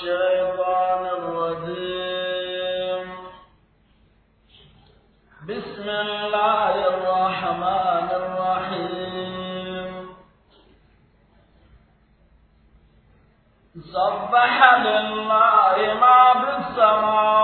الشيطان الرجيم بسم الله الرحمن الرحيم سبح لله ما في السماوات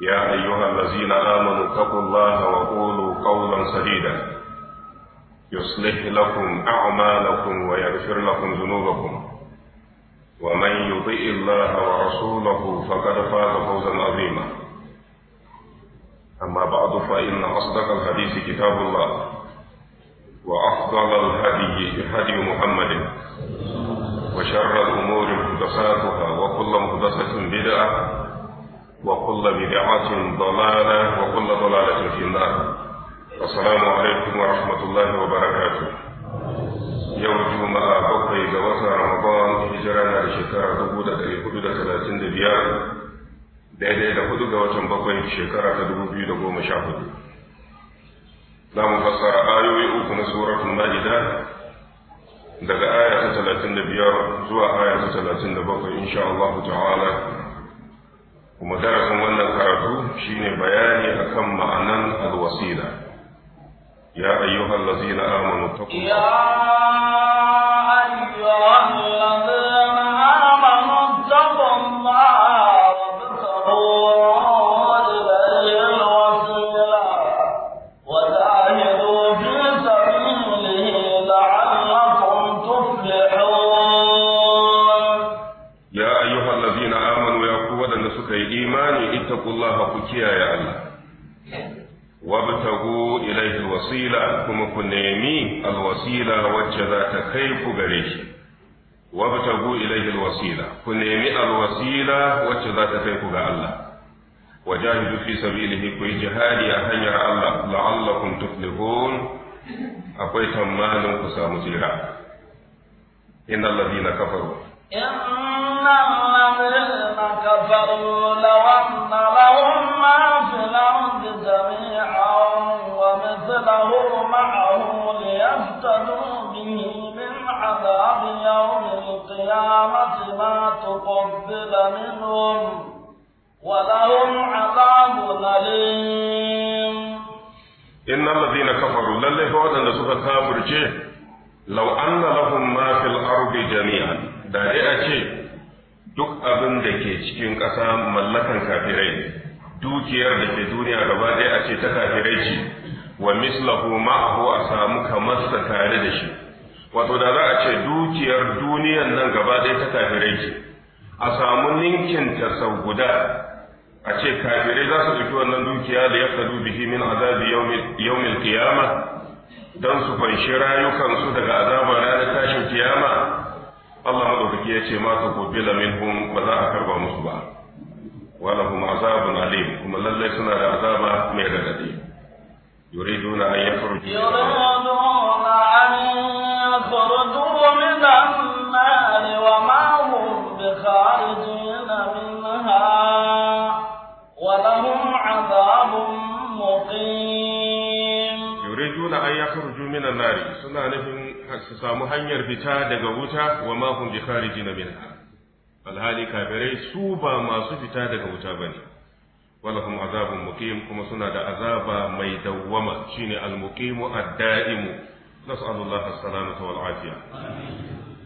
يا أيها الذين آمنوا اتقوا الله وقولوا قولا سديدا يصلح لكم أعمالكم ويغفر لكم ذنوبكم ومن يطئ الله ورسوله فقد فاز فوزا عظيما أما بعد فإن أصدق الحديث كتاب الله وأفضل الهدي هدي محمد وشر الأمور محدثاتها وكل محدثة بدعة وكل بدعة ضلالة وكل ضلالة في النار السلام عليكم ورحمة الله وبركاته يوم الجمعة بقي جوازها رمضان هجرنا لشكرة دبودة لحدودة ثلاثين دبيان daidai da hudu ga watan bakwai shekara ta dubu biyu da goma sha hudu za mu fassara ayoyi uku na suratul ma'ida daga aya ta talatin da biyar zuwa aya ta talatin da bakwai insha Allah ta'ala kuma darasin wannan karatu shine bayani akan ma'anan alwasila ya ayyuhal ladzina amanu taqullaha wasila wacce za ta kai ku gare shi wabtagu ilayhi alwasila ku nemi alwasila wacce za ta kai ku ga Allah wajahidu fi sabilihi ku jihadi a hanyar Allah la'allakum tuflihun akwai tamanin ku samu tsira inna alladhina kafaru إن الذين كفروا لو أن لهم ما في الأرض جميعا ومثله تهتدوا به من عذاب يوم القيامة ما تقبل منهم ولهم عذاب أليم إن الذين كفروا لله فوضا سوف كافرجه لو أن لهم ما في الأرض جميعا da dai a ce duk abin da ke cikin ƙasa mallakan kafirai dukiyar da ke duniya gaba ɗaya a ce ta kafirai ce wa mislahu ma a samu kamarsa tare da shi wato da za a ce dukiyar duniyan nan gaba ɗaya ta kafirai ce a samu ninkinta sau guda a ce kafirai za su ɗauki wannan dukiya da ya sadu bihi min azabi yawmil qiyama don su fanshi rayukansu daga azabar ranar tashin kiyama Allah madaukaki ya ce ma ta kubila minhum ba za a karba musu ba wala kuma azabun alim kuma lallai suna da azaba mai radadi يريدون أن يخرجوا يريدون أن يخرجوا من النار وما هم بخارجين منها ولهم عذاب مقيم يريدون أن يخرجوا من النار سنة نفهم سسامو hanyar fita daga wuta wa ma hum bi kharijin minha alhali kafirai su ba masu fita daga wuta bane walahum azabun muqim kuma suna da azaba mai dawwama shine al-muqimu ad-da'imu nas'alullah as-salamata wal afiya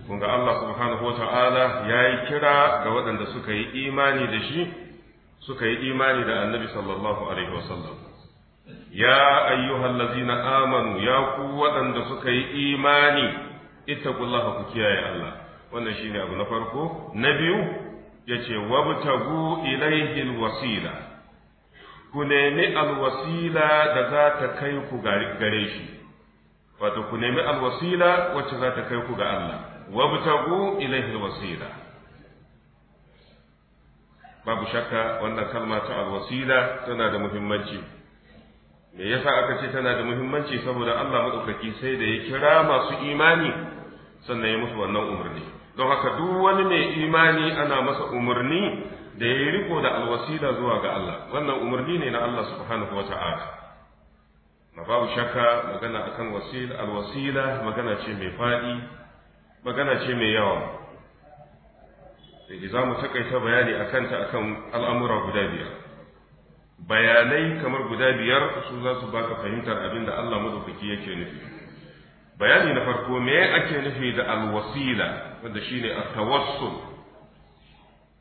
kun ga Allah subhanahu wata'ala yayi kira ga waɗanda suka yi imani da shi suka yi imani da annabi sallallahu alaihi wasallam ya ayyuhallazina amanu ya ku waɗanda suka yi imani ittaqullaha ku kiyaye Allah wannan shine abu na farko na biyu Ya ce wabtagu ilaihi wasila. ku nemi alwasila da za ta kai ku gare shi wato ku nemi alwasila wacce za ta kai ku ga Allah wabtagu ilaihi alwasila babu shakka wannan kalma ta alwasila tana da muhimmanci me yasa aka ce tana da muhimmanci saboda Allah madaukaki sai da ya kira masu imani sannan ya musu wannan umarni don haka duk wani mai imani ana masa umarni da ya yi riko da alwasila zuwa ga Allah wannan umarni ne na Allah subhanahu wata'ala na babu shakka magana akan alwasila magana ce mai fadi magana ce mai yawa da za mu takaita bayani akan ta akan al'amura guda biyar bayanai kamar guda biyar su za su baka fahimtar abin da Allah madaukaki yake nufi bayani na farko me ake nufi da alwasila wanda shine at-tawassul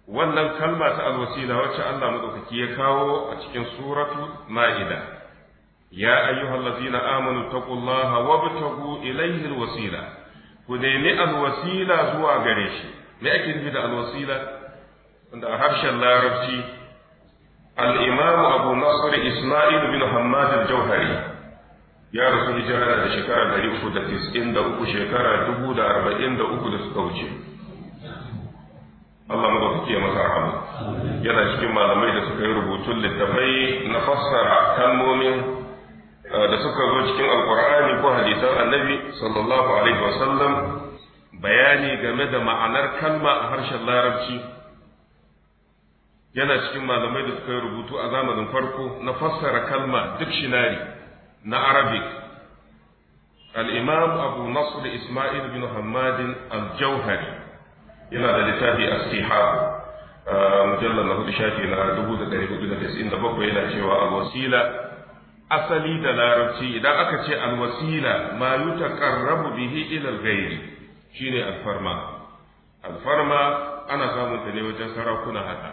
wannan kalma ta alwasila wacce Allah madaukaki ya kawo a cikin suratu ma'ida ya ayyuhallazina amanu taqullaha wabtagu ilayhi alwasila ku nemi alwasila zuwa gare shi me ake nufi da alwasila wanda a harshen larabci al-imam abu nasr isma'il bin hammad al-jauhari ya rasu hijira da shekara 393 shekara 1043 da suka wuce Allah mu dauki ya masa rahama yana cikin malamai da suka yi rubutun littafai na fassara kalmomin eh, da suka zo cikin alkur'ani ko hadisan annabi sallallahu alaihi wasallam bayani game da ma'anar kalma a harshen larabci yana cikin malamai da suka yi rubutu a zamanin farko na fassara kalma dictionary na arabic الإمام أبو نصر إسماعيل بن حماد الجوهري yana da littafi a siha uh, mujallar na hudu shafi na dubu da ɗari hudu da tasirin da bakwai yana cewa al-wasila asali da larabci idan aka ce alwasila ma yuta ƙarrabu bihi ilal gairi shine alfarma alfarma ana samun ta ne wajen sarakuna haɗa.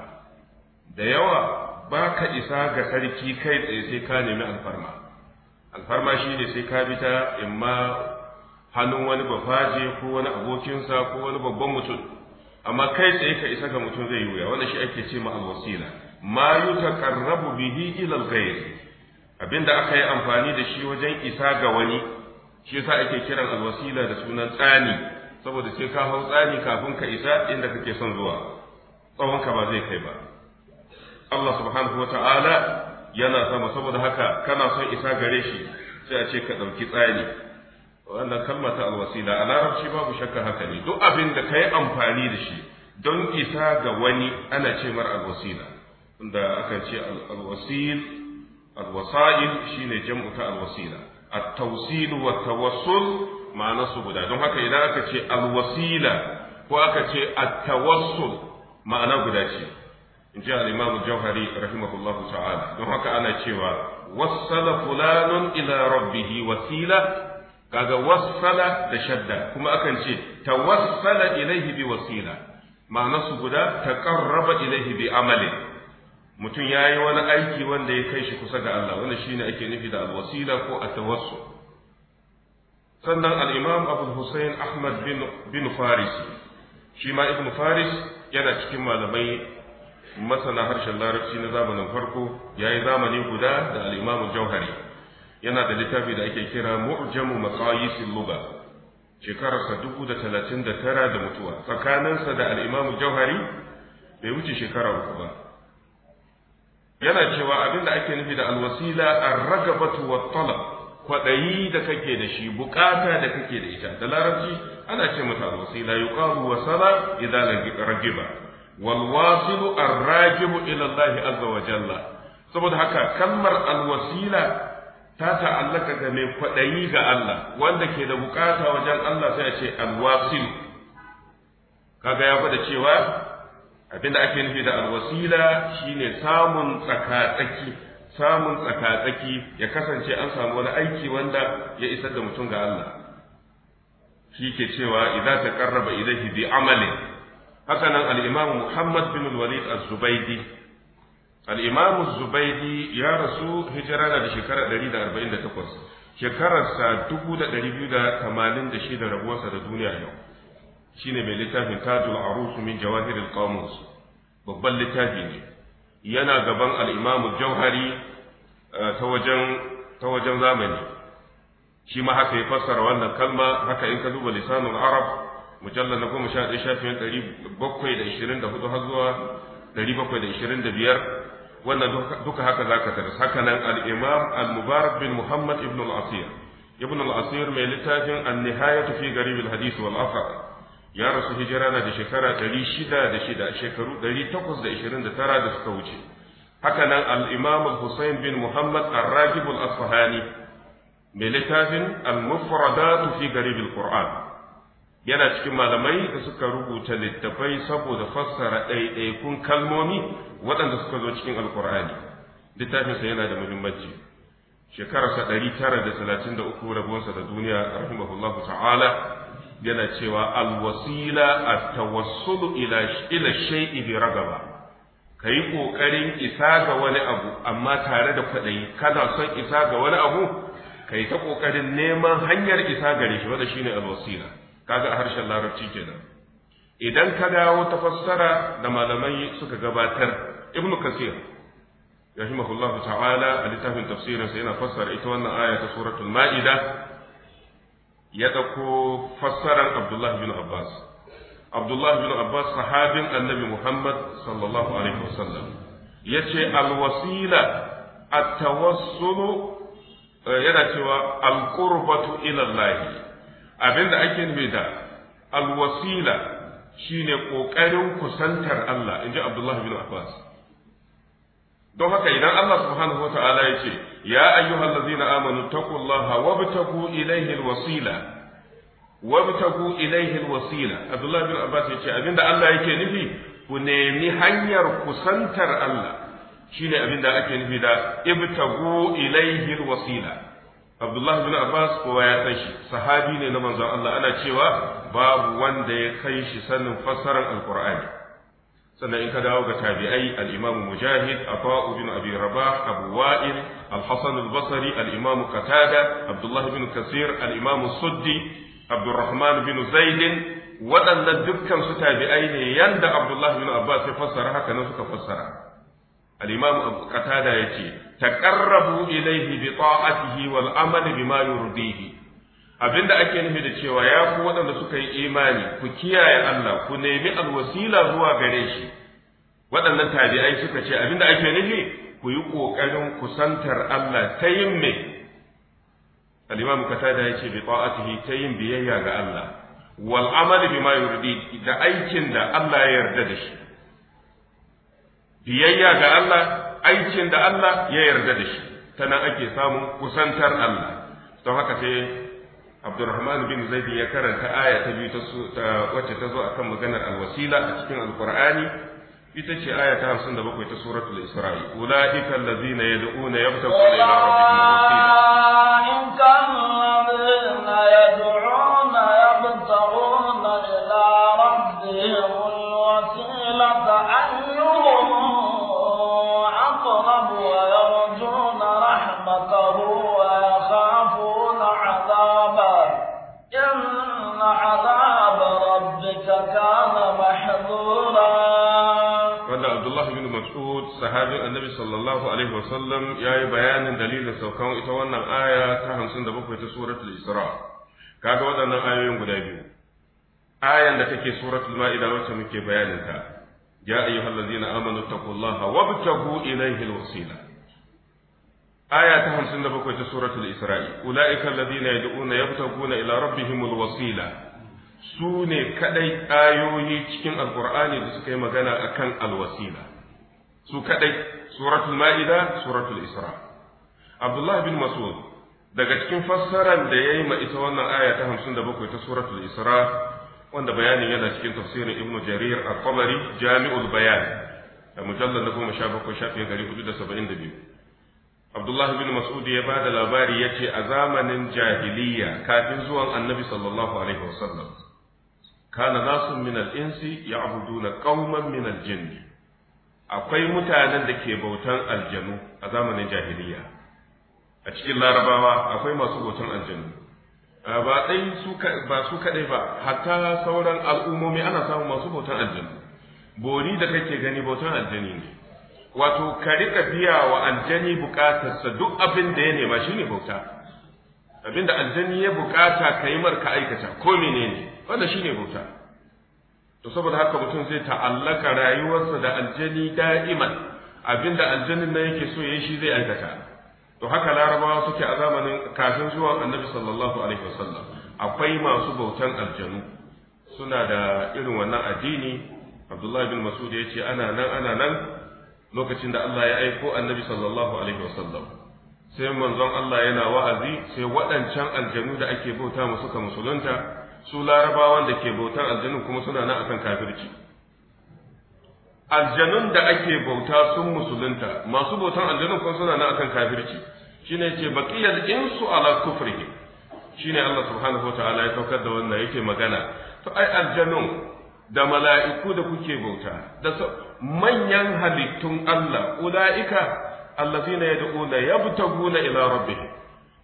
da yawa ba ka isa ga sarki kai tsaye sai ka nemi alfarma alfarma shine sai ka bi ta imma hannun wani bafaje ko wani abokinsa ko wani babban mutum amma kai tsaye ka isa ga mutum zai yi wuya wannan shi ake ce ma alwasila ma yutaqarrabu bihi ila alghayr abinda aka yi amfani da shi wajen isa ga wani shi yasa ake kiran alwasila da sunan tsani saboda sai ka hau tsani kafin ka isa inda kake son zuwa Tsawonka ka ba zai kai ba Allah subhanahu wata'ala yana sama saboda haka kana son isa gare shi sai a ce ka ɗauki tsani wannan kalma ta alwasila a larabci babu shakka haka ne duk abin da ka yi amfani da shi don isa ga wani ana ce mar alwasila inda aka ce alwasil alwasail shine jam'u ta alwasila at-tawsil wa tawassul ma'ana su guda don haka idan aka ce alwasila ko aka ce at-tawassul ma'ana guda ce in ji al-imam jawhari rahimahullahu ta'ala don haka ana cewa wassala fulanun ila rabbihi wasila kaga wassala da shadda kuma akan ce tawassala ilaihi bi wasila ma'ana su guda taqarraba ilaihi bi amali mutum yayi wani aiki wanda ya kai shi kusa ga Allah wannan shine ake nufi da alwasila ko atawassul sannan al-imam Abu Hussein Ahmad bin Faris shi ma ibn Faris yana cikin malamai masana harshen larabci na zamanin farko yayi zamani guda da al Jauhari yana da littafi da ake kira mu'jamu maqayisil lugha shekararsa dubu da talatin da tara da mutuwa tsakaninsa da al'imamu jauhari bai wuce shekara uku ba yana cewa abin da ake nufi da alwasila raga batu wa talab kwaɗayi da kake da shi bukata da kake da ita da larabci ana ce mata alwasila yuqalu wasala idza ragiba wal wasilu ar rage mu Allah azza wa jalla saboda haka kalmar alwasila ta ta'allaka da mai kwaɗayi ga Allah wanda ke da bukata wajen Allah sai ya ce alwasil kaga ya da cewa abinda ake nufi da alwasila shine samun tsakatsaki samun tsakatsaki ya kasance an samu wani aiki wanda ya isar da mutum ga Allah shi ke cewa idan ta karraba ilaihi bi amalin haka nan al Muhammad bin Walid az-Zubaydi al-imam az-zubaydi ya rasu hijira da shekara 148 shekararsa 1286 da rabuwarsa da duniya yau shine mai littafin tajul arus min jawahir babban littafi ne yana gaban al-imam jauhari eh, ta wajen zamani shima haka ya fassara wannan kalma haka in ka duba lisanul arab mujallar na goma sha ɗaya shafin ɗari bakwai da zuwa da wannan duka haka za ka taras haka nan al'imam al-mubarak bin muhammad ibn al-asir ibn al-asir mai littafin an-nihayatu fi garib al-hadis wal athar ya rasu hijira na da shekara 606 shekaru 829 da suka wuce haka nan al al-husayn bin muhammad al ragib al-asfahani mai littafin al-mufradatu fi garib al-qur'an yana cikin malamai da suka rubuta littafai saboda fassara ɗaiɗaikun kalmomi waɗanda suka zo cikin alkur'ani littafinsa yana da muhimmanci shekararsa ɗari tara da talatin da uku rabuwarsa da duniya rahimahullahu ta'ala yana cewa alwasila a tawassulu ila shai bi ragaba ka yi ƙoƙarin isa ga wani abu amma tare da kwaɗayi kana son isa ga wani abu ka yi ta ƙoƙarin neman hanyar isa gare shi wanda shine alwasila kaga a harshen larabci kenan idan ka dawo ta fassara da malamai suka gabatar ibnu kasir rahimahullahu ta'ala a littafin tafsirinsa yana fassara ita wannan aya ta suratul ma'ida ya ɗauko fassarar Abdullahi bin Abbas. Abdullahi bin Abbas sahabin annabi Muhammad sallallahu Alaihi wasallam ya ce alwasila a tawassulu eh, yana cewa alƙurbatu ilallahi abin da ake nufi da alwasila shine ƙoƙarin kusantar Allah in ji Abdullahi bin Abbas don haka idan Allah subhanahu wataala ya ce ya ayyuhallazina amanu taqullaha wabtagu ilayhi alwasila wabtagu ilayhi wasila. Abdullahi bin Abbas ya ce abin da Allah yake nufi ku nemi hanyar kusantar Allah shine abin da ake nufi da ibtagu wasila wasila Abdullah bin Abbas kowa ya san shi sahabi ne na manzon Allah ana cewa babu wanda ya kai shi sanin fassarar alqur'ani sannan in ka dawo ga tabi'ai al-Imam Mujahid Atha bin Abi Rabah Abu Wa'il al-Hasan al-Basri al-Imam Qatada Abdullah bin Kasir al-Imam Suddi Abdurrahman bin Zaid waɗannan dukkan su tabi'ai ne yanda Abdullah bin Abbas ya fassara haka nan suka fassara al-imam abu qatada yace taqarrabu ilayhi bi ta'atihi wal amal bima abinda ake nufi da cewa ya ku waɗanda suka yi imani ku kiyaye Allah ku nemi alwasila zuwa gare shi waɗannan tabi'ai suka ce abinda ake nufi ku yi ƙoƙarin kusantar Allah ta yin me al-imam qatada yace bi ta'atihi ta yin biyayya ga Allah wal amal bima yurdi da aikin da Allah ya yarda da shi biyayya ga Allah aikin da Allah ya yarda da shi ta nan ake samun kusantar Allah don haka sai Abdurrahman bin Zaid ya karanta aya ta biyu ta wacce ta zo akan maganar alwasila a cikin alqur'ani ita ce aya ta 57 ta suratul isra'i ulaika allazina yad'una yabtaquna ila rabbihim wasila mas'ud sahabin annabi sallallahu alaihi wasallam ya yi bayanin dalilin saukan ita wannan aya ta hamsin da bakwai ta suratul isra kaga waɗannan ayoyin guda biyu ayan da take suratul ma'ida wacce muke bayanin ta ya ayyuhal ladzina amanu taqullaha wabtagu ilayhi alwasila aya ta hamsin da bakwai ta suratul isra'i ulaika alladhina yad'una yabtaguna ila rabbihim alwasila su ne kaɗai ayoyi cikin alkur'ani da suka yi magana a kan alwasila su kaɗai suratul ma'ida suratul isra Abdullahi bin mas'ud daga cikin fassarar da ya yi ma ita wannan aya ta bakwai ta suratul isra wanda bayanin yana cikin tafsirin ibnu jarir al-tabari jami'ul bayan da mujallar na 17 shafin biyu. Abdullahi bin Mas'ud ya ba da labari ya ce a zamanin jahiliya kafin zuwan annabi sallallahu alaihi wasallam kana nasun minal al-insi ya'buduna qauman min minal jinni akwai mutanen da ke bautan aljanu a zamanin jahiliya a cikin larabawa akwai masu bautan aljanu ba dai su ba su kadai ba hatta sauran al'ummomi ana samun masu bautan aljanu bori da kake gani bautan aljani ne wato ka rika biya wa aljani bukatarsa duk abin da ya nema shine bauta abin da aljani ya bukata ka yi marka aikata ko menene wannan shine bauta to saboda haka mutum zai ta'allaka rayuwarsa da aljani da'iman abinda aljanin nan yake so yayi shi zai aikata to haka larabawa suke a zamanin kafin zuwan annabi sallallahu alaihi wasallam akwai masu bautan aljanu suna da irin wannan addini abdullahi bin masud ya ce ana nan ana nan lokacin da Allah ya aiko annabi sallallahu alaihi wasallam sai manzon Allah yana wa'azi sai waɗancan aljanu da ake bauta musu ka musulunta su larabawan da ke bautar aljanun kuma suna nan akan kafirci aljanun da ake bauta sun musulunta masu bautan aljanun kuma suna nan akan kafirci shine ce baqiyal insu ala kufrihi shine Allah subhanahu wataala ya saukar da wannan yake magana to ai aljanun da mala'iku da kuke bauta da manyan halittun Allah ulaika allazina yad'una yabtaguna ila rabbihim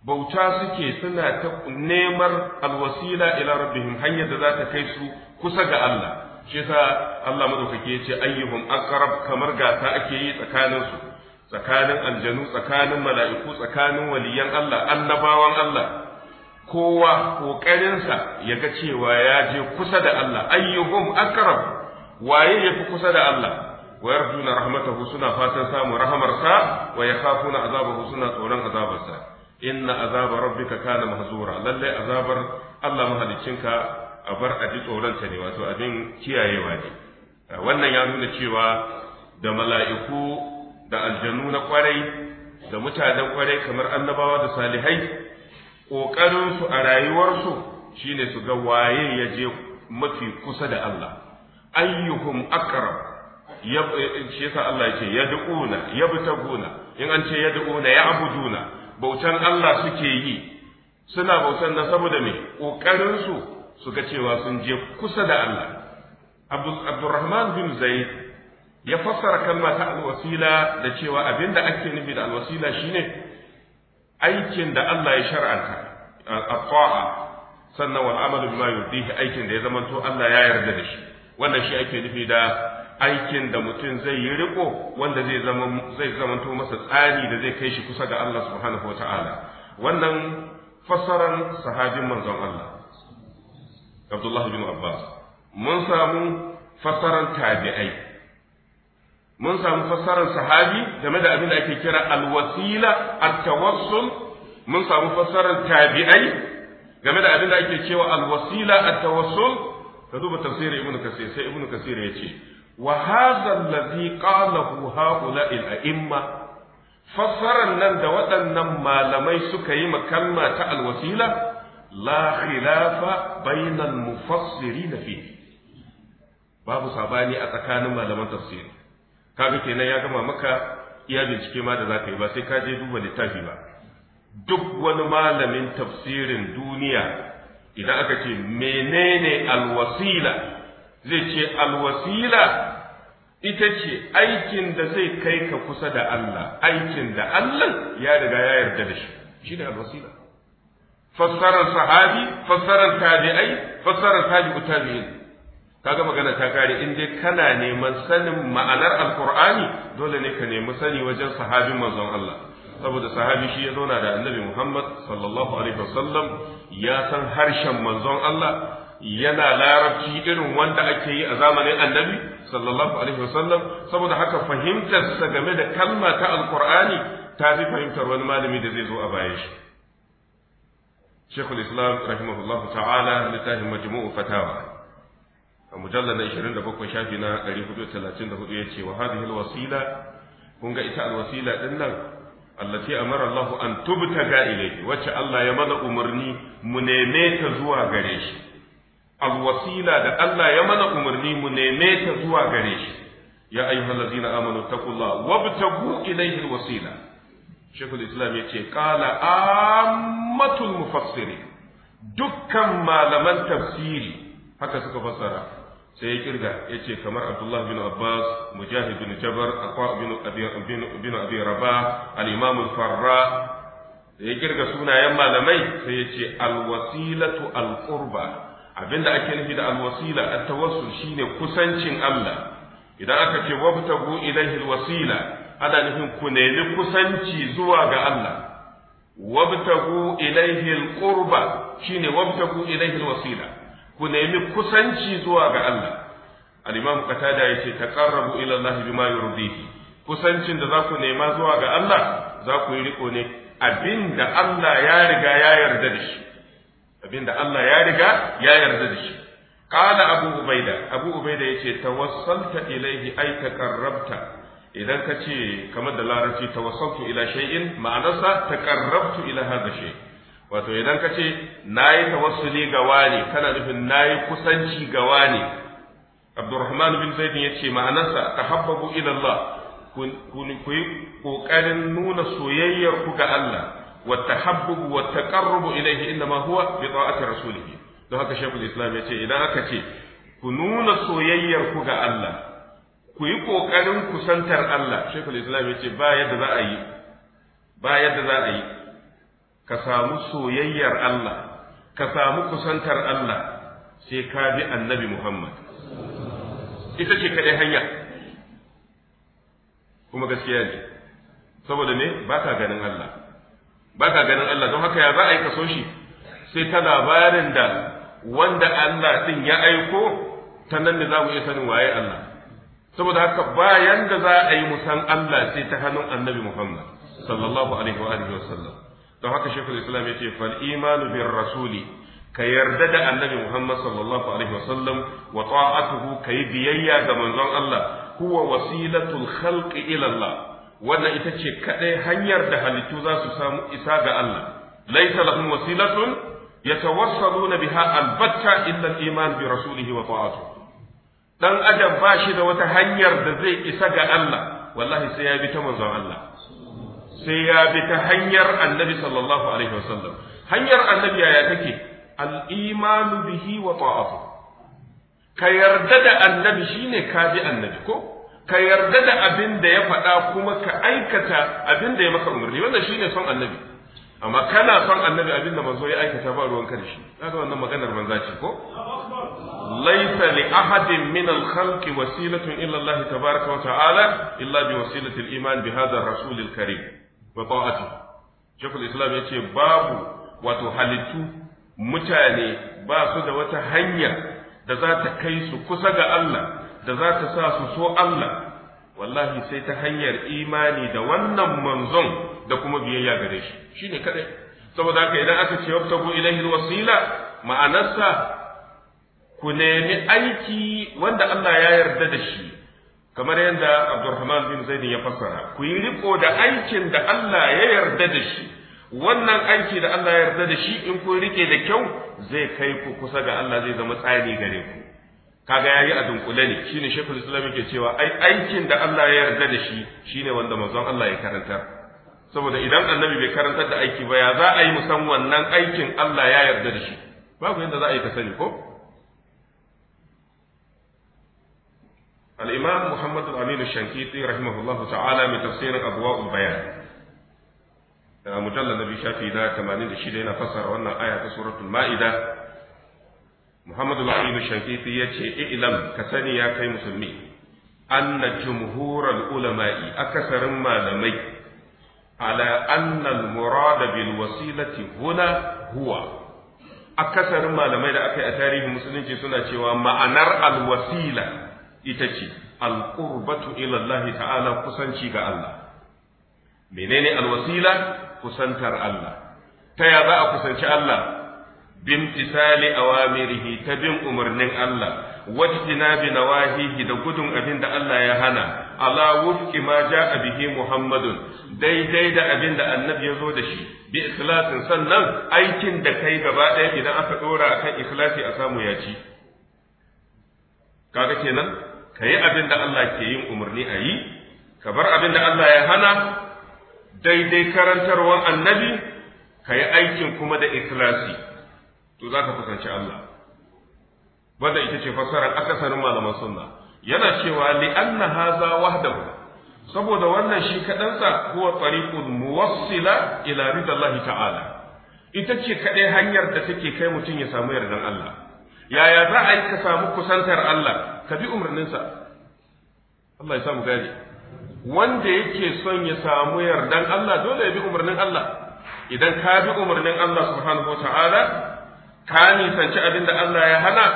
bauta suke suna ta nemar alwasila ila rabbihim hanyar da za ta kai su kusa ga Allah shi yasa Allah madaukake ya ce ayyuhum aqrab kamar gasa ake yi tsakanin su tsakanin aljanu tsakanin mala'iku tsakanin waliyan Allah annabawan Allah kowa kokarinsa ya ga cewa ya je kusa da Allah ayyuhum aqrab waye yafi kusa da Allah ويرجون رحمته سنة فاتن سامو رحمر سا ويخافون عذابه سنة تولن عذاب سا inna azaba rabbika kana mahzura lalle azabar Allah mahalicinka a bar a ji tsoronta ne wato abin kiyayewa ne wannan ya nuna cewa da mala'iku da aljanu na kwarai da mutanen kwarai kamar annabawa da salihai ƙoƙarinsu a rayuwarsu shine su ga waye ya je mafi kusa da Allah ayyuhum aqrab shi yasa Allah yake yad'una yabtaguna in an ce yad'una abuduna bautan Allah suke yi suna bautan na saboda me ƙoƙarinsu su ga cewa sun je kusa da Allah Abdurrahman bin Zaid ya fassara kalma ta alwasila da cewa abinda ake nufi da alwasila shine aikin da Allah ya shar'anta at-ta'a sannan wal amalu bima yurdihi aikin da ya zamanto Allah ya yarda da shi wannan shi ake nufi da aikin da mutum zai yi riko wanda zai zama zai zamanto masa tsari da zai kai shi kusa ga Allah subhanahu wataala wannan fassaran sahabin manzon Allah Abdullah bin Abbas mun samu fassaran tabi'ai mun samu fassaran sahabi game da abin da ake kira alwasila at-tawassul mun samu fassaran tabi'ai game da abin da ake cewa alwasila at-tawassul ka duba tafsirin ibnu kasir sai ibnu kasir ya ce wa hadha allazi qalahu haula'il a'imma fassarar nan da waɗannan malamai suka yi makalma ta alwasila la khilafa bainal mufassirin fi babu sabani a tsakanin malaman tafsiri kaga kenan ya gama maka iya bincike ma da zaka yi ba sai ka je duba littafi ba duk wani malamin tafsirin duniya idan aka ce menene alwasila zai ce alwasila ita ce aikin da zai kai ka kusa da Allah aikin da Allah ya riga ya yarda da shi shi ne alwasila fassarar sahabi fassarar tabi'ai fassarar tabi'u tabi'in kaga magana ta kare in dai kana neman sanin ma'anar alqur'ani dole ne ka nemi sani wajen sahabin manzon Allah saboda sahabi shi ya zauna da annabi Muhammad sallallahu alaihi wasallam ya san harshen manzon Allah yana larabci irin wanda ake yi a zamanin annabi sallallahu alaihi wasallam saboda haka fahimtarsa game da kalma ta alkur'ani ta fi fahimtar wani malami da zai zo a baya shi shekul islam rahimahullah ta'ala littafin majmu'u fatawa a mujallar na 27 shafi na 434 ya ce wa hadhihi alwasila kun ga ita alwasila ɗin nan allati amara Allah an ga ilai wacce Allah ya mana umarni mu neme ta zuwa gare shi alwasila da Allah ya mana umarni mu neme ta zuwa gare shi ya ayyuhal ladzina amanu taqullah wabtagu ilayhi alwasila shaykhul islam yace qala ammatul mufassirin dukkan malaman tafsiri haka suka fassara sai ya kirga ce kamar Abdullah bin Abbas Mujahid bin Jabar, Aqwa bin Abi bin Abi Rabah al-Imam al-Farra ya kirga sunayen malamai sai yace alwasilatu alqurba abinda ake nufi da alwasila at-tawassul shine kusancin Allah idan aka ce wabtagu ilaihi alwasila ana nufin ku nemi kusanci zuwa ga Allah wabtagu ilaihi alqurba shine wabtagu ilaihi alwasila ku nemi kusanci zuwa ga Allah al-imam qatada yace taqarrabu ila Allah bima yurdihi kusancin da za ku nema zuwa ga Allah za ku yi riko ne abinda Allah ya riga ya yarda da shi abinda Allah ya riga ya yarda da shi qala abu ubaida abu ubaida yace tawassalta ilayhi ay taqarrabta idan ka ce kamar da larabci tawassaltu ila shay'in ma'anarsa taqarrabtu ila hadha shay wato idan ka ce nayi tawassuli ga wani kana nufin nayi kusanci ga wani Abdurrahman bin Zaid yace ma'anarsa tahabbabu ila Allah ku yi kokarin nuna soyayyar ku ga Allah Wata والتحبب والتقرب إليه إنما هو بطاعة رسوله don haka shekul islam ya ce idan aka ce ku nuna soyayyar ku ga Allah ku yi ƙoƙarin kusantar Allah shekul islam ya ce ba yadda za a yi ba yadda za a yi ka samu soyayyar Allah ka samu kusantar Allah sai ka bi annabi Muhammad ita ce kaɗai hanya kuma gaskiya ne saboda me ba ka ganin Allah ba ka ganin Allah don haka ya za a yi kaso shi sai ta labarin da wanda Allah din ya aiko ta nan da za mu iya sanin waye Allah saboda haka bayan da za a yi musan Allah sai ta hannun annabi Muhammad sallallahu alaihi wa alihi wasallam don haka shekul islam ya ce fal imanu bir rasuli ka yarda da annabi Muhammad sallallahu alaihi wasallam wa ta'atuhu kai biyayya ga manzon Allah huwa wasilatul khalqi ila Allah wannan ita ce kadai hanyar da halittu za su samu isa ga Allah laisa lahum wasilatun yatawassaluna biha albatta illa al-iman bi rasulihi wa ta'atuhu dan adam ba shi da wata hanyar da zai isa ga Allah wallahi sai ya bi ta manzon Allah sai ya bi ta hanyar annabi sallallahu alaihi sallam. hanyar annabi ya take al bihi wa ta'atuhu ka yarda da annabi shine ka bi annabi ko ka yarda da abin da ya faɗa kuma ka aikata abin da ya maka umarni wannan shi ne son annabi amma kana son annabi abin da manzo ya aikata ba ruwan kan shi kaga wannan maganar manza ce ko laysa li ahadin min al khalqi wasilatun illa Allah tabaaraka wa ta'ala illa bi wasilati al iman bi hadha rasul al karim wa ta'atihi shekul islam ya ce babu wato halittu mutane ba su da wata hanya da za ta kai su kusa ga Allah da za ta sa su so Allah wallahi sai ta hanyar imani da wannan manzon da kuma biyayya gare shi shine kadai saboda haka idan aka ce yabtagu ilaihi wasila ma'anarsa ku nemi aiki wanda Allah ya yarda da shi kamar yadda Abdurrahman bin Zaid ya fassara ku yi riko da aikin da Allah ya yarda da shi wannan aiki da Allah ya yarda da shi in kun rike da kyau zai kai ku kusa ga Allah zai zama tsari gare ku kaga yayi a dunkule ne shine shekul islam yake cewa ai aikin da Allah ya yarda da shi shine wanda manzon Allah ya karantar saboda idan annabi bai karantar da aiki ba ya za a yi musan wannan aikin Allah ya yarda da shi babu yadda za a yi ka sani ko الإمام محمد الأمين الشنكيطي رحمه الله تعالى من تفسير أضواء البيان مجلد النبي شافي ذا كمان الشيء فسر وأن آية سورة المائدة Muhammadu La'ibu shafifi ya ce, ilam ka sani ya kai musulmi, anna jumhurar ulama'i akasarin malamai, ala annal murada bil wasilati huna huwa. Akasarin malamai da aka yi a tarihin musulunci suna cewa ma'anar alwasila ita ce, alƙurbatu ilallahi ta'ala kusanci ga Allah. Menene alwasila? Kusantar Allah. Ta ya za a kusanci Allah? bimtisali awamirihi ta bin umarnin Allah wajtina bi nawahihi da gudun abinda Allah ya hana ala wufqi ma ja'a bihi Muhammadun daidai da abin da annabi ya zo da shi bi ikhlasin sannan aikin da kai gaba ɗaya idan aka dora akan ikhlasi a samu ya ci kaga kenan kayi abin da Allah ke yin umarni a yi ka bar abinda Allah ya hana daidai karantarwar annabi kayi aikin kuma da ikhlasi to za ka kusanci Allah wanda ita ce fassarar akasarin malaman sunna yana cewa li anna haza wahdahu saboda wannan shi sa huwa tariqul muwassila ila ridallahi ta'ala ita ce kadai hanyar da take kai mutum ya samu yardan Allah yaya za a yi ka samu kusantar Allah ka bi umarninsa Allah ya samu gari wanda yake son ya samu yardan Allah dole ya bi umarnin Allah idan ka bi umarnin Allah subhanahu wa ta'ala ka nisanci abin da Allah ya hana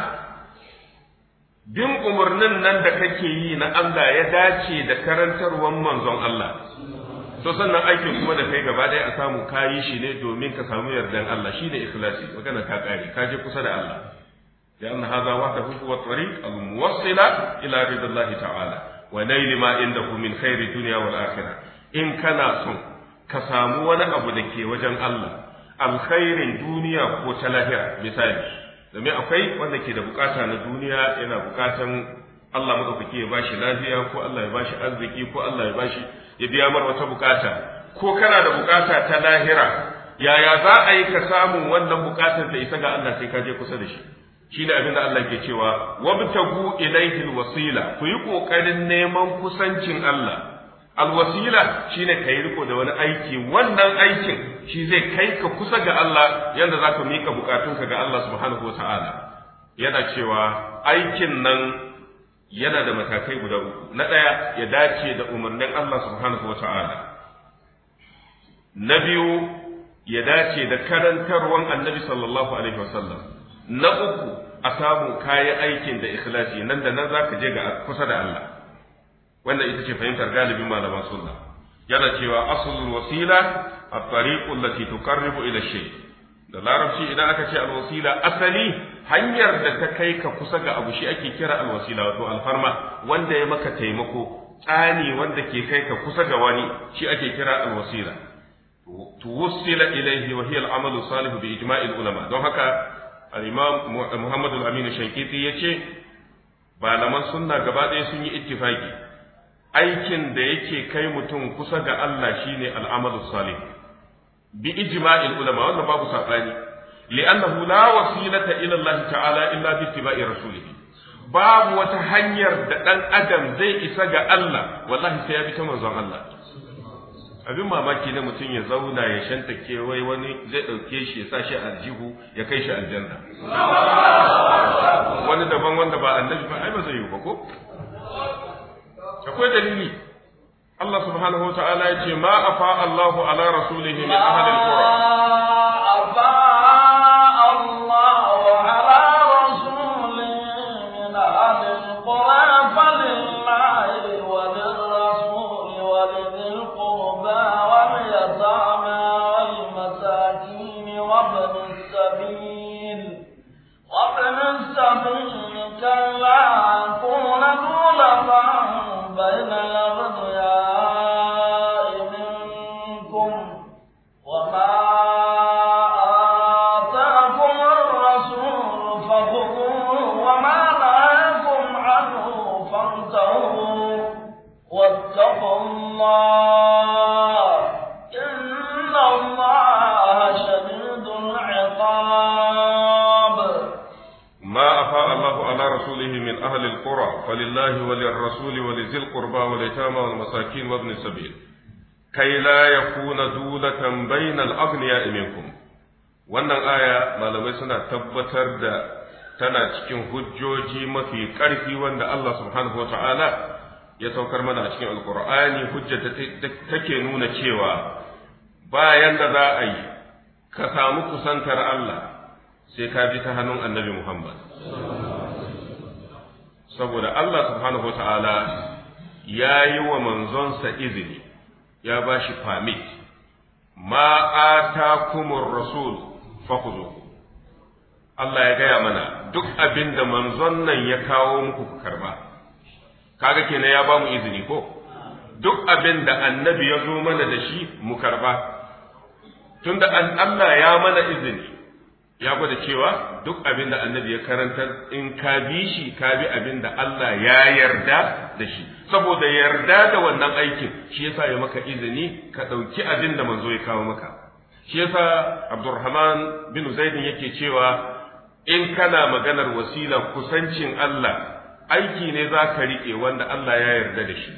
bin umarnin nan da kake yi na Allah ya dace da karantarwar manzon Allah to sannan aikin kuma da kai gaba ɗaya a samu kayi shi ne domin ka samu yardan Allah Shi shine ikhlasi magana ka kare ka je kusa da Allah لأن هذا وحده هو الطريق ta'ala. إلى رضا ma تعالى min ما duniya wal akhirah. In kana so. Ka samu wani abu da ke wajen Allah. alkhairin duniya ko ta lahira misali domin akwai wanda ke da bukata na duniya yana bukatan Allah madaukaki ya bashi lafiya ko Allah ya bashi arziki ko Allah ya bashi ya biya mar wata bukata ko kana da bukata ta lahira yaya za a yi ka samu wannan bukatar ta isa ga Allah sai ka je kusa da shi shi ne abin da Allah ke cewa wabtagu ilaihi wasila ku yi kokarin neman kusancin Allah alwasila shine ka yi riko da wani aiki wannan aikin shi zai kai ka kusa ga Allah yadda za ka miƙa bukatunka ga Allah subhanahu wa ta'ala yana cewa aikin nan yana da matakai guda uku na ɗaya ya dace da umarnin Allah subhanahu wa ta'ala na biyu ya dace da karantarwan annabi sallallahu alaihi wasallam na uku a samu kayan aikin da ikhlasi nan da nan za ka je ga kusa da Allah Wanda ita ce fahimtar galibin malaman sunna yana cewa aslul wasila at-tariqu allati tuqarribu ila shay da larabci idan aka ce alwasila asali hanyar da ta kai ka kusa ga abu shi ake kira alwasila wato alfarma wanda ya maka taimako tsani wanda ke kai ka kusa ga wani shi ake kira alwasila Tuwusila ilaihi wa hiya al-amalu salihu bi ijma'il ulama don haka al Aminu Muhammad al-Amin Shankiti yace malaman sunna gaba ɗaya sun yi ittifaki aikin da yake kai mutum kusa ga Allah shine al'amalu salih bi ijma'il ulama wannan babu sabani li'annahu la wasilata ila Allah ta'ala illa bi ittiba'i rasulih babu wata hanyar da dan adam zai isa ga Allah wallahi sai ya bi ta manzon Allah abin mamaki na mutum ya zauna ya shanta kewai wani zai ɗauke shi ya sa shi aljihu ya kai shi aljanna wani daban wanda ba annabi ba ai ba zai yi ba ko akwai dalili Allah subhanahu wa ta'ala ya ce ma afa Allahu ala rasulihi min ahli al-qura أهل القرى فلله وللرسول ولذي القربى واليتامى والمساكين وابن السبيل كي لا يكون دولة بين الأغنياء منكم wannan aya malamai suna tabbatar da tana cikin hujjoji mafi ƙarfi wanda Allah subhanahu wa ya saukar mana a cikin alkur'ani hujja take nuna cewa bayan da za a yi ka samu kusantar Allah sai ka bi ta hannun annabi Muhammad saboda Allah subhanahu wa ta'ala ya yi wa manzonsa izini ya ba shi famit, ma atakumur rasul fakhudhu Allah ya gaya mana duk abin manzon nan ya kawo muku ku karba kaga kenan ya ba mu izini ko duk abin annabi ya zo mana da shi mu karba tunda Allah ya mana izini ya gwada cewa duk abin da annabi ya karanta in ka bi shi ka bi abin da Allah ya yarda da shi saboda yarda da wannan aikin shi yasa ya maka izini ka ɗauki abin da manzo ya kawo maka shi yasa Abdurrahman bin Zaid yake cewa in kana maganar wasila kusancin Allah aiki ne za ka riƙe wanda Allah ya yarda da shi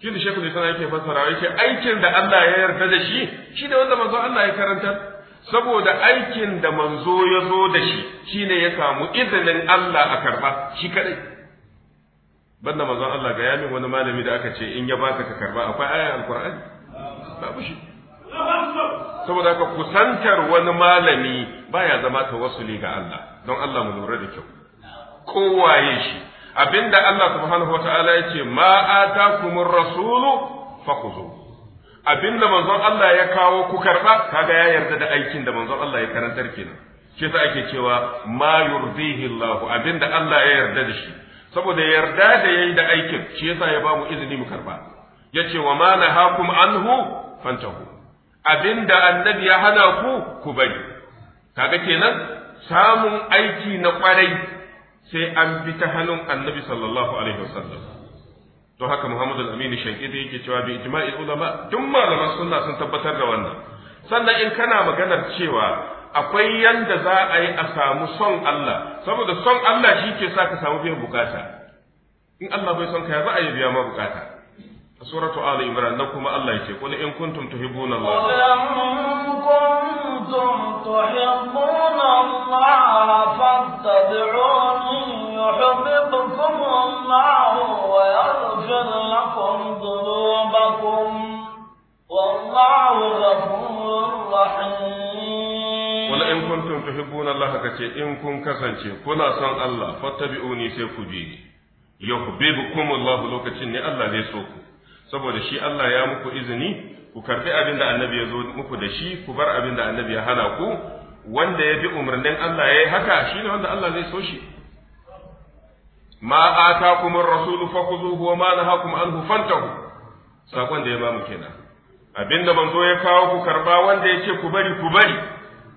shi da yake fassara yake aikin da Allah ya yarda da shi shi da wanda manzo Allah ya karantar saboda aikin da manzo ya zo da shi shine ya samu izinin Allah a karba shi kadai banda manzon Allah ga yamin wani malami da aka ce in ya baka ka karba akwai aya alqur'ani babu shi saboda haka kusantar wani malami baya zama tawassuli ga Allah don Allah mu lura da kyau kowaye shi abinda Allah subhanahu wataala ya ce ma atakumur rasulu fakhuzuhu abinda manzon Allah ya kawo ku karba kaga ya yarda da aikin da manzon Allah ya karantar kenan shi sa ake cewa ma yurdihi Allah abinda Allah ya yarda da shi saboda yarda da yayi da aikin shi yasa ya ba mu izini mu karba yace wa ma nahakum anhu fantahu abinda annabi ya hana ku ku bari kaga kenan samun aiki na kwarai sai an bi ta hannun annabi sallallahu alaihi wasallam don haka Muhammadu aminu amin Shankidi yake cewa bi ijma'i ulama duk malaman sunna sun tabbatar da wannan sannan in kana maganar cewa akwai yanda za a yi a samu son Allah saboda son Allah shi ke sa ka samu biyan bukata in Allah bai son ka ya za a yi biya ma bukata سورة آل عمران لكم الله يتي قل إن كنتم تحبون الله قل إن كنتم تحبون الله فاتبعوني يحببكم الله ويغفر لكم ذنوبكم والله غفور رحيم قل إن كنتم تحبون الله كتي إن كنتم كسنتي كنا سن الله فاتبعوني سيكو بي يحببكم الله لوكتي الله ليسوكم saboda shi Allah ya muku izini ku karbi abin da annabi ya zo muku da shi ku bar abin da annabi ya hana ku wanda ya bi umarnin Allah ya yi haka shi ne wanda Allah zai so shi ma atakum ar fa fakhuzuhu wa ma nahakum anhu fantahu sakon da ya ba mu kenan abinda manzo ya kawo ku karba wanda yake ku bari ku bari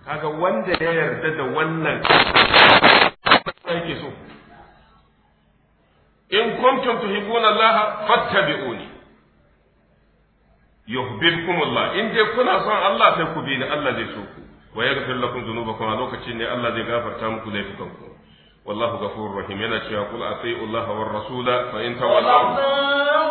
kaga wanda ya yarda da wannan yake so in kuntum tuhibbuna Allah fattabi'uni yuhibbukumullah in dai kuna son Allah sai ku bi ni Allah zai so ku wa yaghfir lakum dhunubakum a lokacin ne Allah zai gafarta muku ku? wallahu ghafurur rahim yana cewa kul atiiu Allah war rasula fa in tawallaw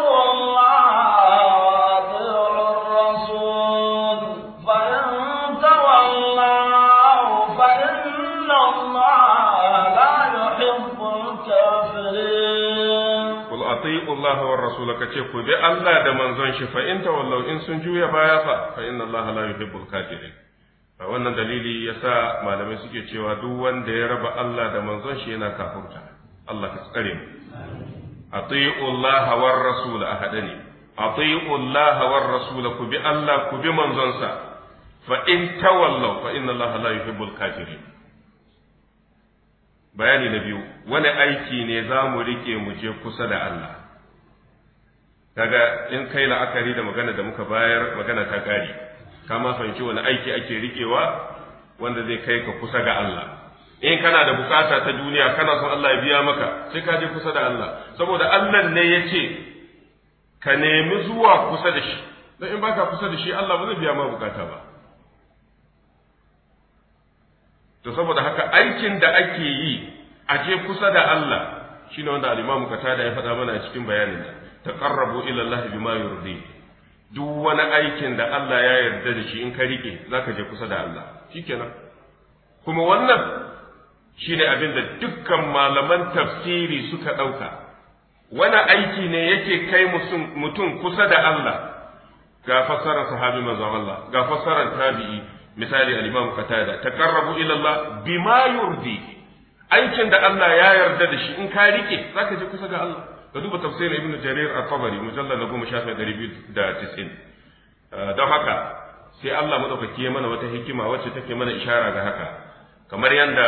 Allah wa rasula ka ce ku bi Allah da manzon shi fa in tawallau in sun juya baya fa fa inna Allah la yuhibbul kafirin a wannan dalili sa malamai suke cewa duk wanda ya raba Allah da manzon shi yana kafurta Allah ka tsare mu ati'u Allah war wa rasula ahadani ati'u Allah war rasula ku bi Allah ku bi manzon sa fa in tawallau fa inna Allah la yuhibbul kafirin bayani na biyu wani aiki ne za mu rike mu je kusa da Allah kaga in kai la'akari da magana da muka bayar magana ta kare ka ma fahimci wani aiki ake riƙewa wanda zai kai ka kusa ga Allah in kana da bukata ta duniya kana son Allah ya biya maka sai ka je kusa da Allah saboda Allah ne ya ce ka nemi zuwa kusa da shi don in baka kusa da shi Allah ba zai biya maka bukata ba to saboda haka aikin da ake yi a je kusa da Allah shine wanda al-Imam Qatada ya faɗa mana cikin bayanin taqarrabu ila Allah bima yurdi duk wani aikin da Allah ya yarda da shi in ka rike zaka je kusa da Allah shikenan kuma wannan shine abin da dukkan malaman tafsiri suka ɗauka wani aiki ne yake kai mutum kusa da Allah ga fassarar sahabi manzon Allah ga fassarar tabi'i misali al-Imam Qatada taqarrabu ila Allah bima yurdi aikin da Allah ya yarda da shi in ka rike zaka je kusa ga Allah ka duba tafsirin ibn jarir at-tabari mujallal na goma biyu da tisin eh, don haka sai Allah madaukaki ya mana wata hikima wacce take mana ishara ga haka kamar yadda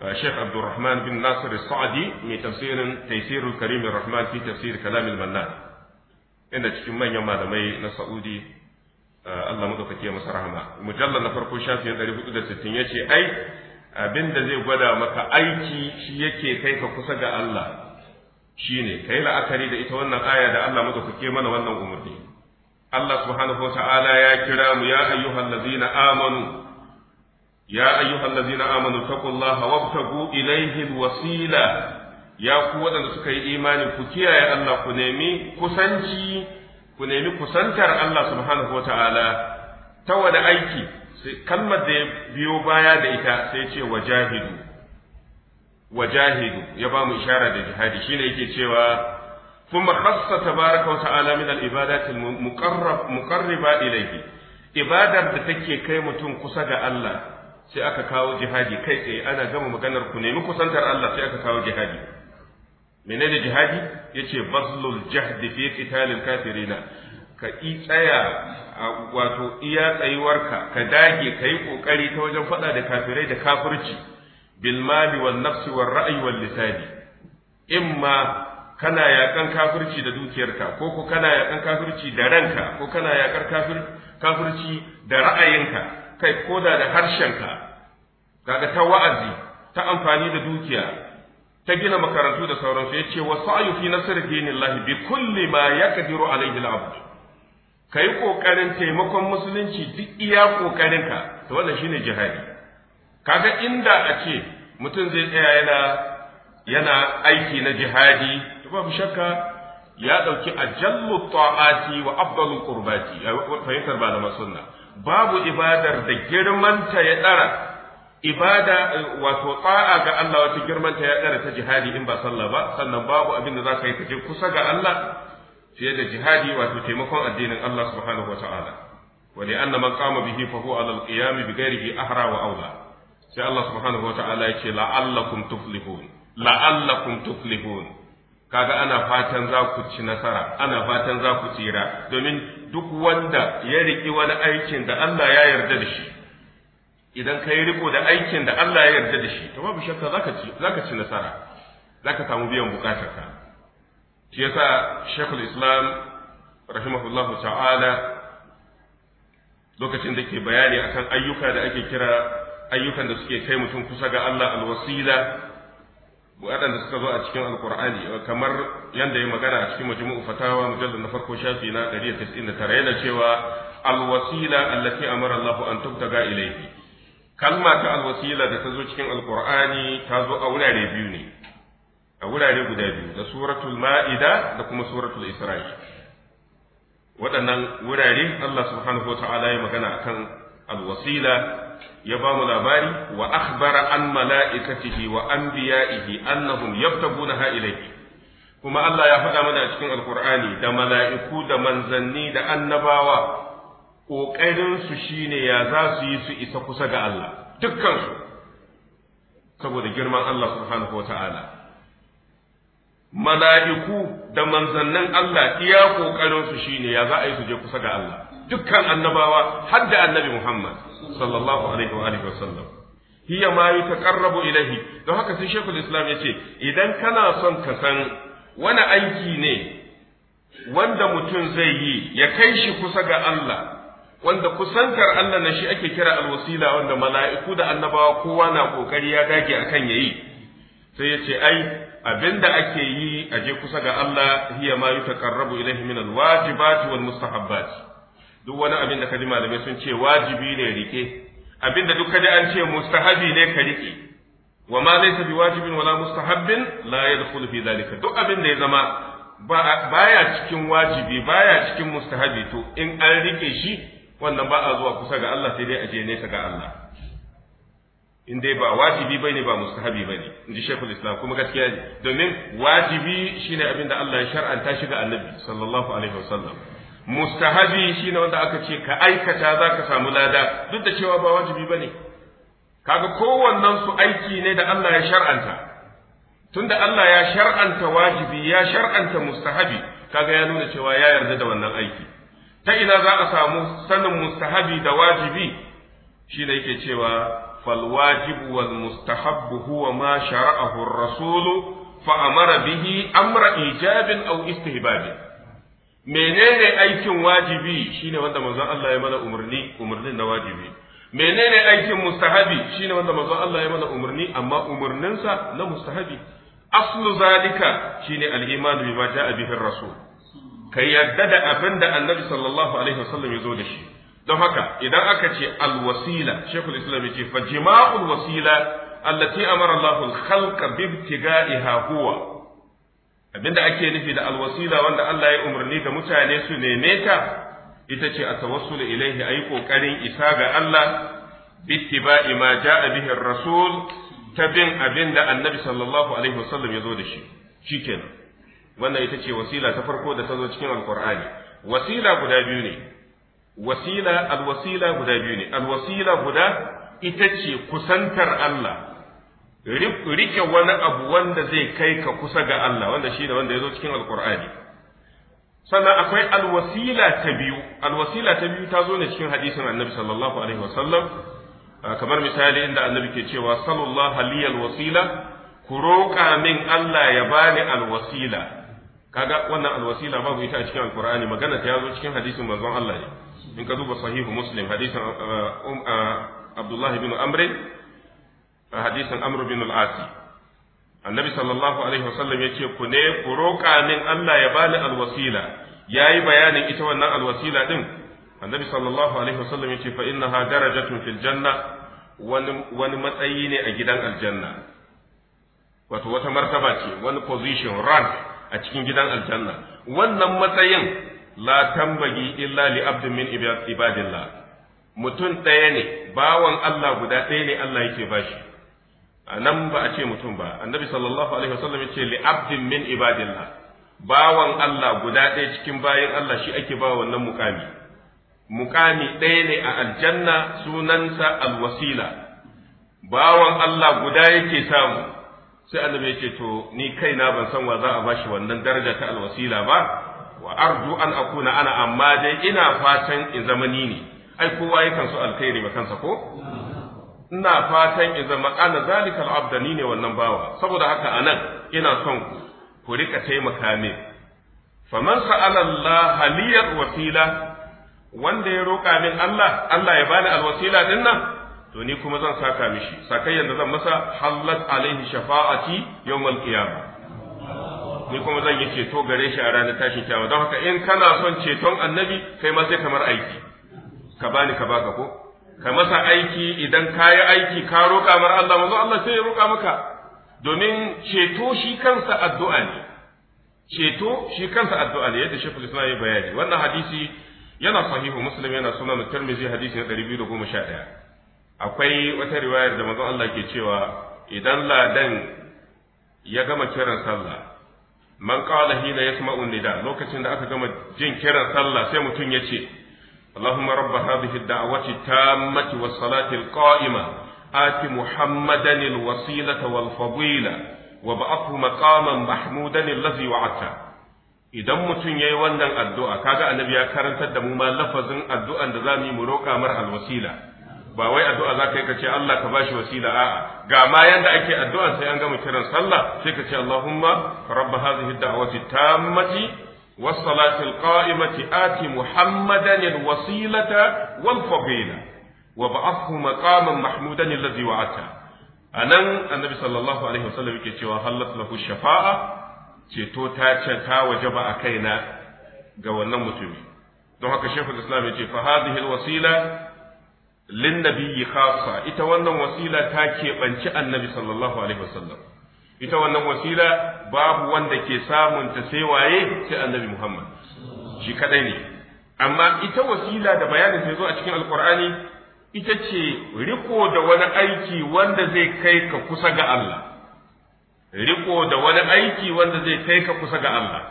eh, Sheikh Abdulrahman bin Nasir Sa'di mai tafsirin Taisirul Karim Rahman fi tafsir Kalam al-Mannan inda cikin manyan malamai na Saudi eh, Allah madaukaki ya masa rahama mujallal na farko shafi 460 yace ai abinda zai gwada maka aiki shi yake kai ka kusa ga Allah Shi ne, ka yi la'akari da ita wannan aya da Allah madaukake mana wannan umarni Allah subhanahu ta'ala ya kira mu ya ayyuhan ayyuhallazina amanu ya ayyuhan ayyuhallazina amanu ta gu ilaihin wasila. ya ku waɗanda suka yi imani ku kiyaye Allah ku nemi kusanci ku nemi kusantar Allah subhanahu ta'ala ta wani aiki kalmar da ya biyo baya da ita sai ce wa jahilu. Wajahidu ya ba mu ishara da jihadi shine yake cewa kuma khassa tabaraka wa ta'ala min al-ibadati muqarraba ilayhi ibadar da take kai mutum kusa ga Allah sai aka kawo jihadi kai tsaye ana gama maganar ku nemi kusantar Allah sai aka kawo jihadi Mene da jihadi yace bazlul jahdi fi qitalil kafirina ka i tsaya wato iya tsayuwarka ka dage ka yi ƙoƙari ta wajen faɗa da kafirai da kafirci بالمال والنفس والرأي واللسان إما kana yakan kafirci da dukiyarka ko ko kana yakan kafirci da ranka ko kana yakar kafir kafirci da ra'ayinka kai koda da harshenka kaga ta wa'azi ta amfani da dukiya ta gina makarantu da sauran sauransu yace wa sa'yu fi nasr dinillahi bi kulli ma yaqdiru alayhi al-abd kai kokarin taimakon musulunci duk iya kokarinka to wannan shine jihadi kaga inda a ce mutum zai tsaya yana yana aiki na jihadi to babu shakka ya dauki ajallu ta'ati wa afdalul qurbati fahimtar malaman sunna babu ibadar da girmanta ya dara ibada wato ta'a ga Allah wata girmanta ya dara ta jihadi in ba sallah ba sannan babu abin da za ka yi ka je kusa ga Allah fiye da jihadi wato taimakon addinin Allah subhanahu wa ta'ala wa li anna man qama bihi fa huwa ala al-qiyam bi ghairihi ahra wa awla sai Allah subhanahu wataala yake la'allakum tuflihun la'allakum tuflihun kaga ana fatan za ku ci nasara ana fatan za ku tsira domin duk wanda ya riki wani aikin da Allah ya yarda da shi idan ka yi riko da aikin da Allah ya yarda da shi to babu shakka zaka ci zaka ci nasara zaka samu biyan bukatarka shi yasa Sheikhul Islam rahimahullahu ta'ala lokacin da ke bayani akan ayyuka da ake kira ayyukan da suke kai mutum kusa ga Allah alwasila waɗanda suka zo a cikin alkur'ani kamar yadda ya magana a cikin majmu'u fatawa mujallar na farko shafi na 199 yana cewa alwasila allati amara Allah an tubtaga ilayhi kalma ta alwasila da ta zo cikin alkur'ani ta zo a wurare biyu ne a wurare guda biyu da suratul ma'ida da kuma suratul isra'i waɗannan wurare Allah subhanahu wa ta'ala ya magana akan alwasila ya ba mu labari wa akhbara an mala'ikatihi wa anbiya'ihi annahum buna ilayhi kuma Allah ya faɗa mana a cikin alkur'ani da mala'iku da manzanni da annabawa ƙoƙarin su shine ya za su yi su isa kusa ga Allah dukkan su saboda girman Allah subhanahu wata'ala mala'iku da manzannin Allah iya ƙoƙarin su shine ya za a yi su je kusa ga Allah dukkan annabawa har da annabi Muhammad sallallahu alaihi wa alihi wasallam hiya ma yutaqarrabu ilaihi don haka sai shekul islam yace idan kana son ka san wani aiki ne wanda mutum zai yi ya kai shi kusa ga Allah wanda kusantar Allah na shi ake kira alwasila wanda mala'iku da annabawa kowa na kokari ya dage akan yayi sai yace ai abinda ake yi aje kusa ga Allah hiya ma yutaqarrabu ilaihi min alwajibati wal mustahabbati duk wani abin da ka ji malamai sun ce wajibi ne rike abin da duk ji an ce mustahabi ne ka rike wa ma laysa bi wajibin wala mustahabbin la yadkhulu fi zalika duk abin da ya zama baya cikin wajibi baya cikin mustahabi to in an rike shi wannan ba a zuwa kusa ga Allah sai dai a je nesa ga Allah in dai ba wajibi bane ba mustahabi bane ji shekul Islam kuma gaskiya ne domin wajibi shine abin da Allah ya shar'anta shi ga Annabi sallallahu alaihi wasallam mustahabi ne wanda aka ce ka aikata za ka samu lada duk da cewa ba wajibi ba ne kaga kowannen su aiki ne da Allah ya shar'anta tunda Allah ya shar'anta wajibi ya shar'anta mustahabi kaga ya nuna cewa ya yarda da wannan aiki ta ina za a samu sanin mustahabi da wajibi shine yake cewa fal wajibu wal mustahabbu huwa ma shara'ahu ar-rasulu fa amara bihi amra ijabin aw istihbabin menene aikin wajibi shine wanda manzon Allah ya mana umarni umarnin na wajibi menene aikin mustahabi shine wanda manzon Allah ya mana umarni amma umarninsa na mustahabi aslu zalika shine al-iman bima jaa bihi rasul kai yadda da abin da annabi sallallahu alaihi wasallam ya zo da shi don haka idan aka ce al-wasila shaykhul islam ce fa jima'ul wasila allati amara Allahu al-khalqa bi ibtiga'iha huwa abinda ake nufi da alwasila wanda Allah ya umarni da mutane su neme ta ita ce a tawassul ilaihi ayi kokarin isa ga Allah bittiba'i ma ja'a bihi rasul ta bin abinda annabi sallallahu alaihi wasallam ya zo da shi shikenan wannan ita ce wasila ta farko da ta zo cikin alqur'ani wasila guda biyu ne wasila alwasila guda biyu ne alwasila guda ita ce kusantar Allah rike wani abu wanda zai kai ka kusa ga Allah wanda shi ne wanda ya zo cikin alkur'ani sannan akwai alwasila ta biyu alwasila ta biyu ta zo ne cikin hadisin annabi sallallahu alaihi wasallam kamar misali inda annabi ke cewa sallallahu alaihi alwasila ku roƙa min Allah ya bani alwasila kaga wannan alwasila babu ita a cikin alkur'ani magana ta zo cikin hadisin manzon Allah ne in ka duba sahihu muslim hadisin um, Abdullahi bin Amr hadisin amru bin al annabi sallallahu alaihi wasallam yace ku ne ku roƙa min Allah ya bani alwasila yayi bayanin ita wannan alwasila din annabi sallallahu alaihi wasallam ce fa innaha darajatun fil janna wani wani matsayi ne a gidan aljanna wato wata martaba ce wani position rank a cikin gidan aljanna wannan matsayin la tambagi illa li abdin min ibadillah mutum ɗaya ne bawan Allah guda ɗaya ne Allah yake bashi nan ba a ce mutum ba annabi sallallahu alaihi wasallam ya ce li abdin min ibadillah bawan Allah guda ɗaya cikin bayan Allah shi ake ba wannan mukami mukami ɗaya ne a aljanna sunansa alwasila bawan Allah guda yake samu sai annabi ya ce to ni kaina ban san wa za a bashi wannan daraja ta alwasila ba wa arju an akuna ana amma dai ina fatan in zama ni ne ai kowa yakan so alkhairi ba kansa ko ina fatan in zama ana zalikal abdani ne wannan bawa saboda haka anan ina son ku ku rika taimaka min faman sa'ala Allah haliyar wasila wanda ya roƙa min Allah Allah ya bani alwasila din nan to ni kuma zan saka mishi sakai zan masa hallat alaihi shafa'ati yawmal qiyamah ni kuma zan yi ceto gare shi a ranar tashi kiyama don haka in kana son ceton annabi kai ma sai kamar aiki ka bani ka baka ko ka masa aiki idan ka yi aiki ka roƙa mar Allah manzo Allah sai ya roƙa maka domin ceto shi kansa addu'a ne ceto shi kansa addu'a ne yadda Sheikhul Islam ya bayani wannan hadisi yana sahihu Muslim yana sunan Tirmidhi hadisi na 211 akwai wata riwayar da manzo Allah ke cewa idan ladan ya gama kiran sallah man qala hina yasma'u nida lokacin da aka gama jin kiran sallah sai mutum ya ce اللهم رب هذه الدعوة التامة والصلاة القائمة آت محمدا الوسيلة والفضيلة وبعثه مقاما محمودا الذي وعدته idan mutum ya yi wannan addu'a kaga annabi ya karantar da mu ma lafazin addu'an da za mu yi mu roƙa mar alwasila ba wai addu'a za ka yi ka ce Allah ka bashi wasila a'a ga ma yanda ake addu'a sai an gama kiran sallah sai ka ce Allahumma rabba hadhihi da'wati tammati والصلاة القائمة آت محمدا الوسيلة والفضيلة وبعثه مقاما محمودا الذي وعدته anan annabi sallallahu alaihi wasallam yake cewa hallat lahu shafa'a ceto ta ce ta ba a na. ga wannan mutumi don haka shekul islam yace fa hadhihi alwasila lin nabiyyi khassa ita wannan wasila ta keɓanci annabi sallallahu alaihi ita wannan wasila babu wanda ke samun ta sai waye sai annabi Muhammad shi kadai ne amma ita wasila da bayanin sai zo a cikin alqur'ani ita ce riko da wani aiki wanda zai kai ka kusa ga Allah riko da wani aiki wanda zai kai ka kusa ga Allah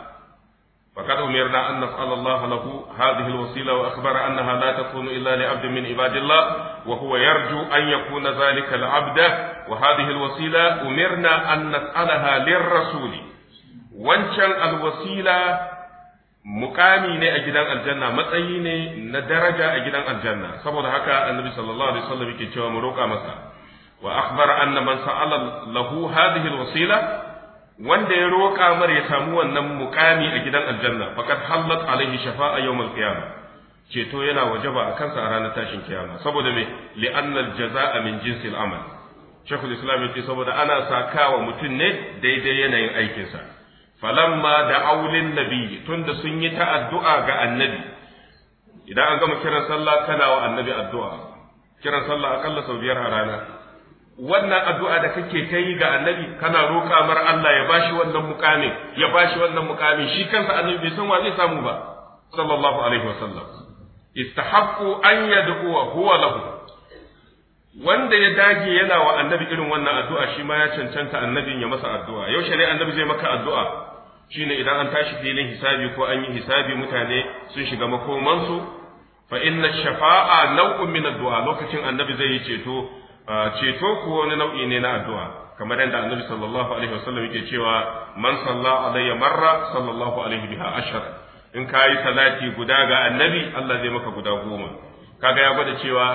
فقد أمرنا أن نسأل الله له هذه الوسيلة وأخبر أنها لا تكون إلا لعبد من عباد الله وهو يرجو أن يكون ذلك العبد وهذه الوسيلة أمرنا أن نسألها للرسول وانشان الوسيلة mukami ne a gidan aljanna matsayi ne na daraja a gidan aljanna saboda haka annabi sallallahu alaihi wasallam yake cewa mu roƙa masa wa akhbara anna lahu hadhihi alwasila wanda ya roƙa mar ya samu wannan mukami a gidan aljanna faqad hallat alaihi shafa'a yawmal qiyamah ceto yana wajaba a kansa a ranar tashin kiyama saboda me li'anna jaza jazaa min jinsil amal shekul islam ya ce saboda ana sakawa mutum ne daidai yanayin aikinsa falamma da aulin nabi tunda sun yi ta addu'a ga annabi idan an gama kiran sallah kana wa annabi addu'a kiran sallah akalla sau biyar a rana wannan addu'a da kake ta yi ga annabi kana roƙa mar Allah ya bashi wannan mukamin ya bashi wannan mukamin shi kansa annabi bai san wa zai samu ba sallallahu alaihi wasallam istahaqqu an yad'u huwa lahu wanda ya dage yana wa annabi irin wannan addu'a shi ma ya cancanta annabin ya masa addu'a yau shari'a annabi zai maka addu'a shine idan an tashi filin hisabi ko an yi hisabi mutane sun shiga makomansu fa inna shafa'a nau'un min addu'a lokacin annabi zai yi ceto ceto ko wani nau'i ne na addu'a kamar yadda annabi sallallahu alaihi wasallam yake cewa man salla alayya marra sallallahu alaihi biha ashar in kayi salati guda ga annabi Allah zai maka guda goma kaga ya gwada cewa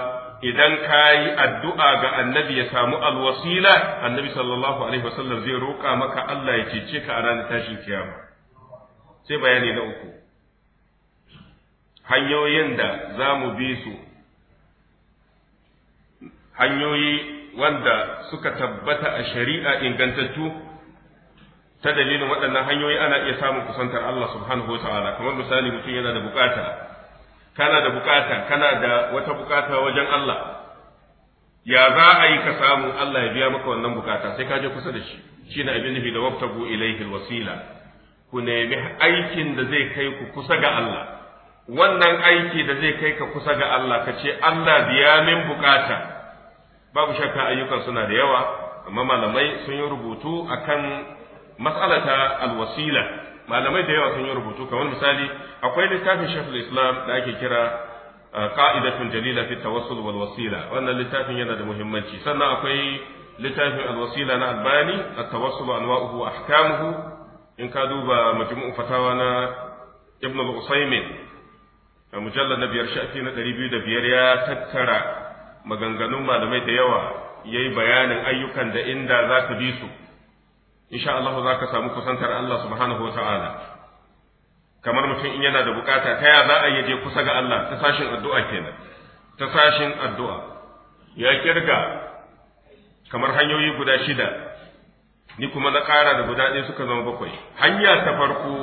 idan kayi addu'a ga annabi ya samu alwasila annabi sallallahu alaihi wasallam zai roƙa maka Allah ya cece ka a ranar tashin kiyama sai bayani na uku hanyoyin da za mu bi su hanyoyi wanda suka tabbata a shari'a ingantattu ta dalilin waɗannan hanyoyi ana iya samun kusantar Allah subhanahu wa ta'ala kamar misali mutum yana da bukata kana da bukata kana da wata bukata wajen Allah ya za a yi ka samu Allah ya biya maka wannan bukata sai ka je kusa da shi na abin nufi da waftagu ilaihi wasila ku nemi aikin da zai kai ku kusa ga Allah wannan aiki da zai kai ka kusa ga Allah ka ce Allah biya min bukata babu shakka ayyukan suna da yawa amma malamai sun yi rubutu akan mas'alata alwasila malamai da yawa sun yi rubutu kamar misali akwai littafin shekul islam da ake kira ka'idatun uh, jalila fi tawassul wal wasila wannan littafin yana da muhimmanci sannan akwai littafin alwasila na albani at-tawassul anwa'uhu ahkamuhu in ka duba majmu'u fatawa na ibn al-usaymin mujallad na biyar shafi na 205 ya tattara maganganun malamai da yawa ya yi bayanin ayyukan da inda za ka bi su insha Allah za ka samu kusantar Allah subhanahu wa ta'ala kamar mutum in yana da bukata ta ya za a yi je kusa ga Allah ta sashin addu'a kenan ta sashin addu'a ya kirga kamar hanyoyi guda shida ni kuma na ƙara da guda ɗaya suka zama bakwai hanya ta farko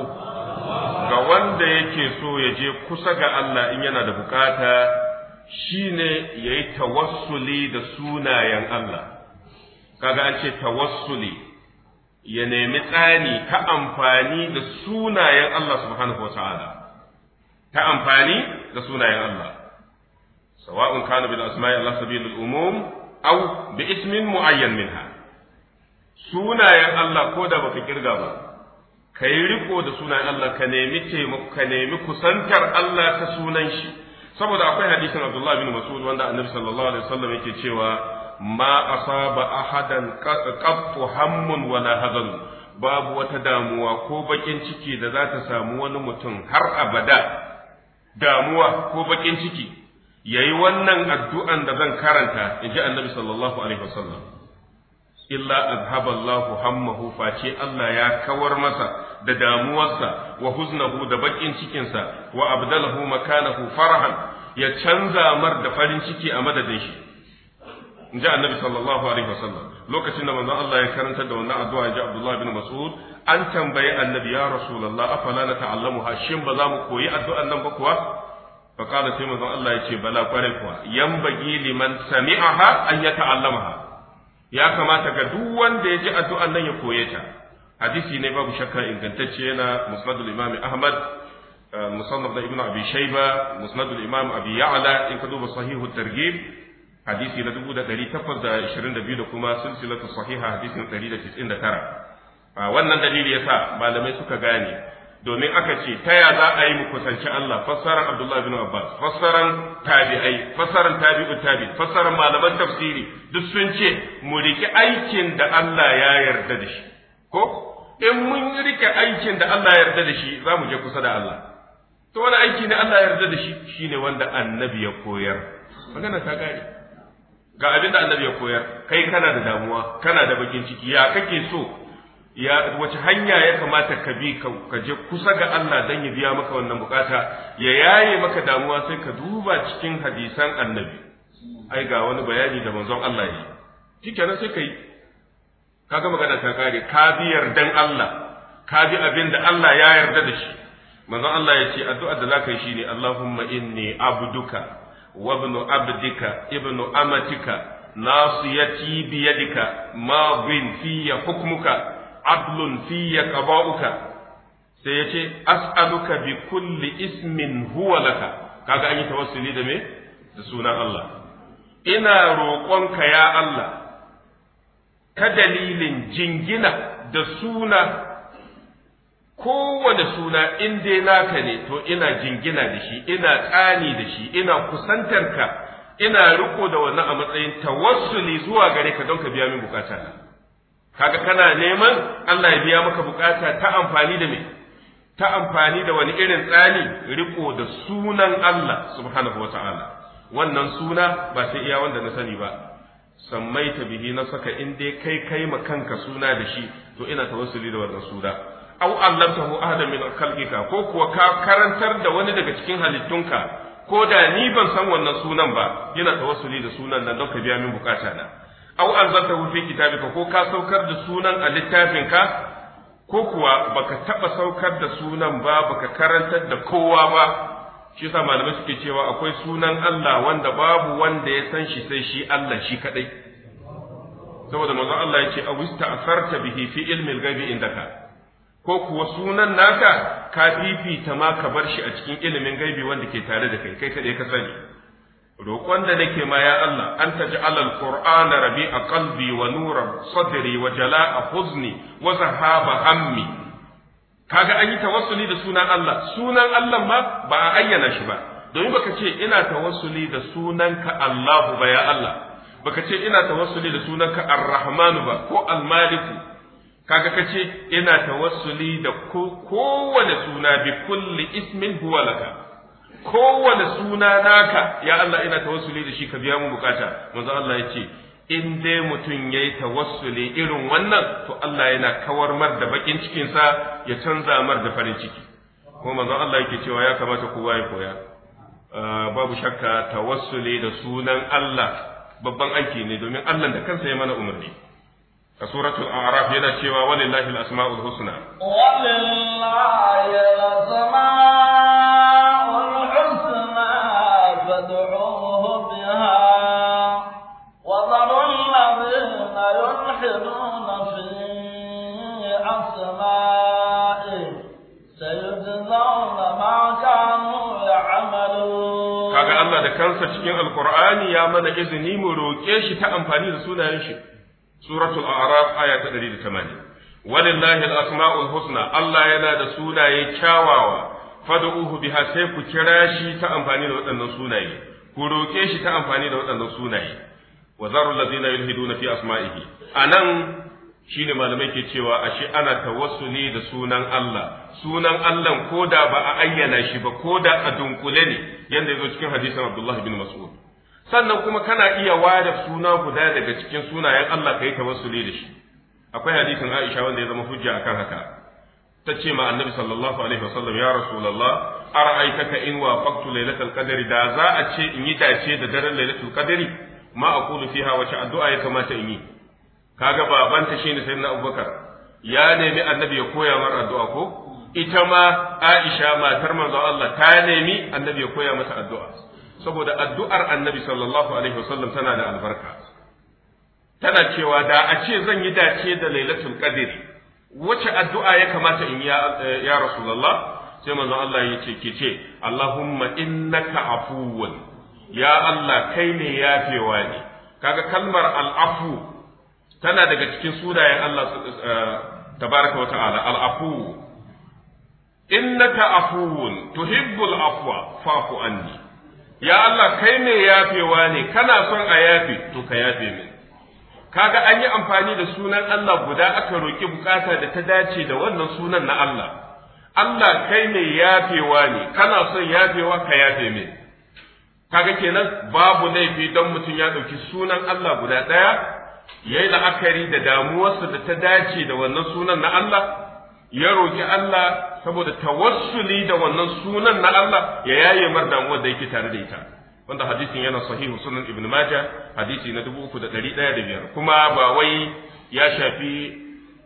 ga wanda yake so ya je kusa ga Allah in yana da bukata shine yi tawassuli da sunayen Allah kaga an ce tawassuli ya nemi tsani ta amfani da sunayen Allah subhanahu wataala ta amfani da sunayen Allah sawa'un kana bil asma'i Allah sabilul umum aw bi ismin muayyan minha sunayen Allah ko da baka kirga ba ka yi riko da sunan Allah ka nemi taimako ka nemi kusantar Allah ta sunan shi saboda akwai hadisin Abdullah bin Mas'ud wanda Annabi sallallahu alaihi wasallam yake cewa ma asaba ahadan qattu hammun wala hadan babu wata damuwa ko bakin ciki da za ta samu wani mutum har abada damuwa ko bakin ciki yayi wannan addu'an da zan karanta inji Annabi sallallahu alaihi wasallam illa azhaba Allahu hammahu face Allah ya kawar masa da damuwarsa wa huznahu da bakin cikinsa wa abdalahu makanahu farahan ya canza mar da farin ciki a madadin shi in ji annabi sallallahu alaihi wasallam lokacin da manzon Allah ya karanta da wannan addu'a ji Abdullah bin Mas'ud an tambayi annabi ya rasulullah afala na ta'allamuha shin ba za mu koyi addu'an nan ba kuwa fa qala sai manzon Allah ya ce bala kwarai kuwa yambagi liman sami'aha an ya ta'allamaha ya kamata ga duk wanda ya ji addu'an nan ya koye ta hadisi ne babu shakka ingantacce yana musnadul imam ahmad eh, musannaf da ibnu abi shayba musnadul imam abi ya'la in ka duba sahihu targhib hadisi na 1822 da kuma silsilatu sahiha hadisin 199 wannan dalili yasa malamai suka gane domin aka ce taya za a yi mu kusanci Allah fassaran Abdullah bin Abbas fassaran tabi'ai fassaran tabi'u tabi fassaran malaman tafsiri duk sun ce mu riki aikin da Allah ya yarda da shi ko in mun rike aikin da Allah ya yarda da shi za mu je kusa da Allah to wani aiki ne Allah ya yarda da shi shine wanda annabi ya koyar magana ta gari ga abin da annabi ya koyar kai kana da damuwa kana da bakin ciki ya kake so ya wace hanya ya kamata ka bi ka je kusa ga Allah dan ya biya maka wannan bukata ya yaye maka damuwa sai ka duba cikin hadisan annabi ai ga wani bayani da manzon Allah ya yi kikenan sai kai kaga magana ta kare ka bi yardan Allah ka bi abin da Allah ya yarda da shi manzon Allah ya ce addu'a da zaka yi shine Allahumma inni abduka wa ibnu abdika ibnu amatika nasiyati bi yadika bin fiyya hukmuka adlun fiyya qada'uka sai ya ce as'aluka bi kulli ismin huwa laka kaga an yi tawassuli da me da sunan Allah ina roƙonka ya Allah ta dalilin jingina da suna kowane suna in dai naka ne to ina jingina da shi ina tsani da shi ina kusantarka ina riko da wannan a matsayin tawassuli zuwa gare ka don ka biya min bukata na kaga kana neman Allah ya biya maka bukata ta amfani da me ta amfani da wani irin tsani riko da sunan Allah subhanahu wata'ala wannan suna ba sai iya wanda na sani ba Sammai ta bihi na saka in dai kai kai ma kanka suna da shi to ina tawassuli da wannan suna aw allamtahu ahadan min khalqika ko kuwa ka karantar da wani daga cikin halittunka ko da ni ban san wannan sunan ba yana tawassuli da sunan nan don ka biya min bukata na aw anzaltahu fi kitabika ko ka saukar da sunan a littafinka ko kuwa baka taba saukar da sunan ba baka karantar da kowa ba shi sa malamai suke cewa akwai sunan Allah wanda babu wanda ya san shi sai shi Allah shi kadai saboda manzo Allah ya ce wista asarta bihi fi ilmi al-ghaibi indaka ko kuwa sunan naka ka fifita ma ka bar shi a cikin ilimin gaibi wanda ke tare da kai kai kadai ka sani roƙon da nake ma ya Allah an taj'ala al-qur'ana rabi'a qalbi wa nura sadri wa jala'a huzni wa zahaba hammi kaga an yi tawassuli da sunan Allah sunan Allah ma ba a ayyana shi ba domin baka ce ina tawassuli da sunanka Allahu ba ya Allah baka ce ina tawassuli da sunanka Ar-Rahmanu ba ko Al-Maliku kaga kace ina tawassuli da kowane suna bi kulli ismin huwa laka kowane suna naka ya Allah ina tawassuli da shi ka biya mu bukata manzo Allah ya ce in dai mutum ya yi tawassuli irin wannan to Allah yana kawar mar da bakin cikinsa ya canza mar da farin ciki ko manzo Allah yake cewa ya kamata kowa ya koya ah, babu shakka tawassuli da sunan Allah babban aiki ne domin Allah da kansa ya mana umarni a suratul a'raf yana cewa walillahi al-asma'ul husna walillahi al-asma'ul kaga Allah da kansa cikin Alkur'ani ya mana izini mu roƙe shi ta amfani da sunayen shi suratul a'raf aya ta 180 walillahi al’asma’ul husna Allah yana da sunaye kyawawa fad'uhu biha sai ku kira shi ta amfani da waɗannan sunaye ku roƙe shi ta amfani da waɗannan sunaye wa zarul ladina yulhiduna fi asma'ihi nan. shi ne malamai ke cewa ashe ana tawassuli da sunan Allah sunan Allah ko da ba a ayyana shi ba ko da a dunkule ne yadda ya zo cikin hadisin Abdullah bin Mas'ud sannan kuma kana iya ware suna guda daga cikin sunayen Allah ka kai tawassuli da shi akwai hadisin Aisha wanda ya zama hujja akan haka ta ce ma annabi sallallahu alaihi wasallam ya rasulullah ara'aitaka in wafaqtu lailatul qadri da za a ce in yi dace da daren lailatul qadri ma aqulu fiha wace addu'a ya kamata in yi kaga babanta shine na abubakar ya nemi annabi ya koya mar addu'a ko ita ma aisha matar manzon Allah ta nemi annabi ya koya mata addu'a saboda addu'ar annabi sallallahu alaihi wasallam tana da albarka tana cewa da a ce zan yi dace da lailatul qadri wace addu'a ya kamata in ya ya rasulullah sai manzon Allah ya ce ki ce Allahumma innaka afuwun ya Allah kai ne yafewa ne kaga kalmar al'afu tana daga cikin sunayen Allah eh, tabaraka wa ta'ala al-afu innaka afuwun tuhibbul afwa fafu anni ya Allah kai mai yafewa ne kana son a yafe to ka yafe min kaga an yi amfani da sunan Allah guda aka roki bukata da ta dace da wannan sunan na Allah Allah kai mai yafewa ne kana son yafewa ka yafe min kaga kenan babu laifi don mutum ya ɗauki sunan Allah guda ɗaya ya yi la'akari da damuwarsa da ta dace da wannan sunan na Allah ya roƙi Allah saboda tawassuli da wannan sunan na Allah ya yaye mar damuwar da yake tare da ita wanda hadisin yana sahihu sunan ibn majah hadisi na dubu uku da ɗari ɗaya da biyar kuma ba wai ya shafi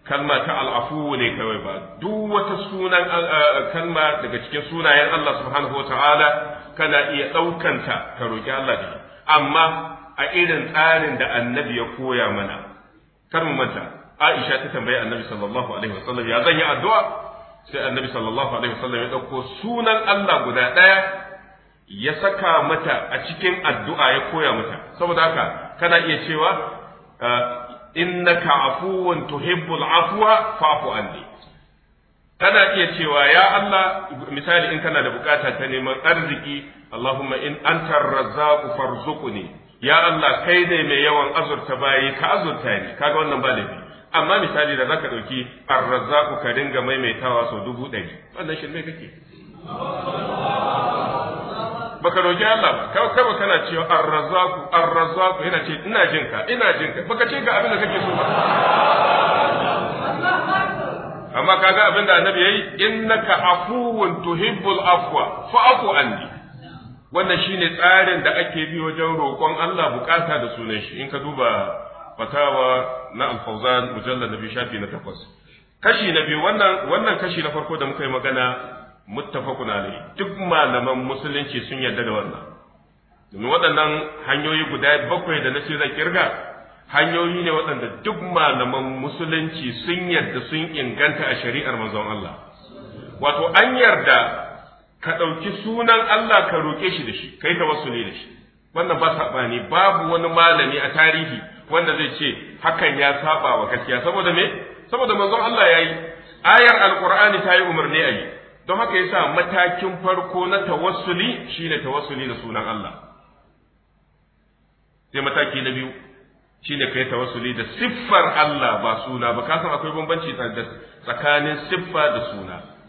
kalma ta al'afu ne kawai ba duk wata sunan kalma daga cikin sunayen Allah subhanahu wa ta'ala kana iya ɗaukanta ka roƙi Allah da amma a irin tsarin da annabi ya koya mana kar mu manta Aisha ta tambayi annabi sallallahu alaihi wasallam ya zan yi addu'a sai annabi sallallahu alaihi wasallam ya dauko sunan Allah guda daya ya saka mata a cikin addu'a ya koya mata saboda haka kana iya cewa ah, innaka afuwun tuhibbul afwa fa'fu anni kana iya cewa ya Allah misali in kana da bukata ta neman arziki Allahumma in antar razzaqu farzuqni ya Allah kai ne mai yawan azurta bayi ka azurta ni kaga wannan ba laifi amma misali da zaka dauki arrazzaqu ka dinga maimaitawa sau dubu ɗari wannan shirme kake baka roki Allah ba kawai kawai kana cewa arrazzaqu arrazzaqu yana ce ina jin ka, ina jin ka. baka ce ga abin da kake so ba amma kaga abin da annabi yayi innaka afuwun tuhibbul afwa afu anni wannan shine tsarin da ake bi wajen roƙon Allah bukata da sunan shi in ka duba fatawa na al-Fawzan mujallal nabi shafi na takwas kashi na biyu wannan wannan kashi na farko da muka yi magana muttafaquna ne. duk malaman musulunci sun yarda da wannan domin waɗannan hanyoyi guda bakwai da nace zan kirga hanyoyi ne waɗanda duk malaman musulunci sun yarda sun inganta a shari'ar manzon Allah wato an yarda ka ɗauki sunan Allah ka roƙe shi da shi kai ne da shi wannan ba saɓa ne babu wani malami a tarihi wanda zai ce hakan ya saɓa wa gaskiya saboda me saboda manzon Allah ya yi ayar alqur'ani ta yi umarni a yi don haka ya sa matakin farko na tawassuli ne tawassuli da sunan Allah sai mataki na biyu shi ne kai tawassuli da siffar Allah ba suna ba ka san akwai bambanci tsakanin siffa da suna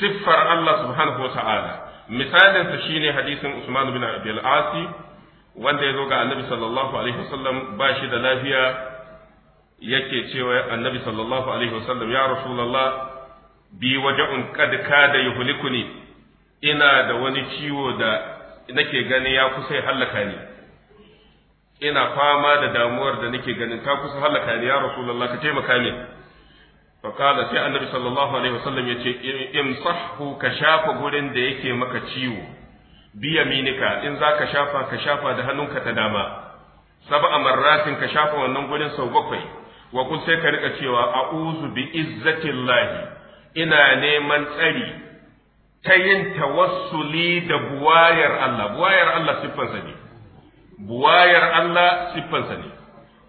siffar Allah subhanahu wa ta'ala misalin sa shine hadisin Usman bin Abi al-Asi wanda zo ga Annabi sallallahu alaihi wasallam ba shi da lafiya yake cewa Annabi sallallahu alaihi wasallam ya Rasulullah bi waja'un qad kada ne. ina da wani ciwo da nake gani ya kusa halaka ni ina fama da damuwar da nake ganin ta kusa halaka ni ya Rasulullah ka taimaka min faƙada sai annabi sallallahu alaihi wasallam ya ce in ka shafa gurin da yake maka ciwo biya minika in za ka shafa ka shafa da hannunka ta dama sab'a marratin ka shafa wannan gurin sau bakwai wa kun sai ka rika cewa a'uzubi, bi ina neman tsari ta yin tawassuli da buwayar Allah buwayar Allah siffansa ne buwayar Allah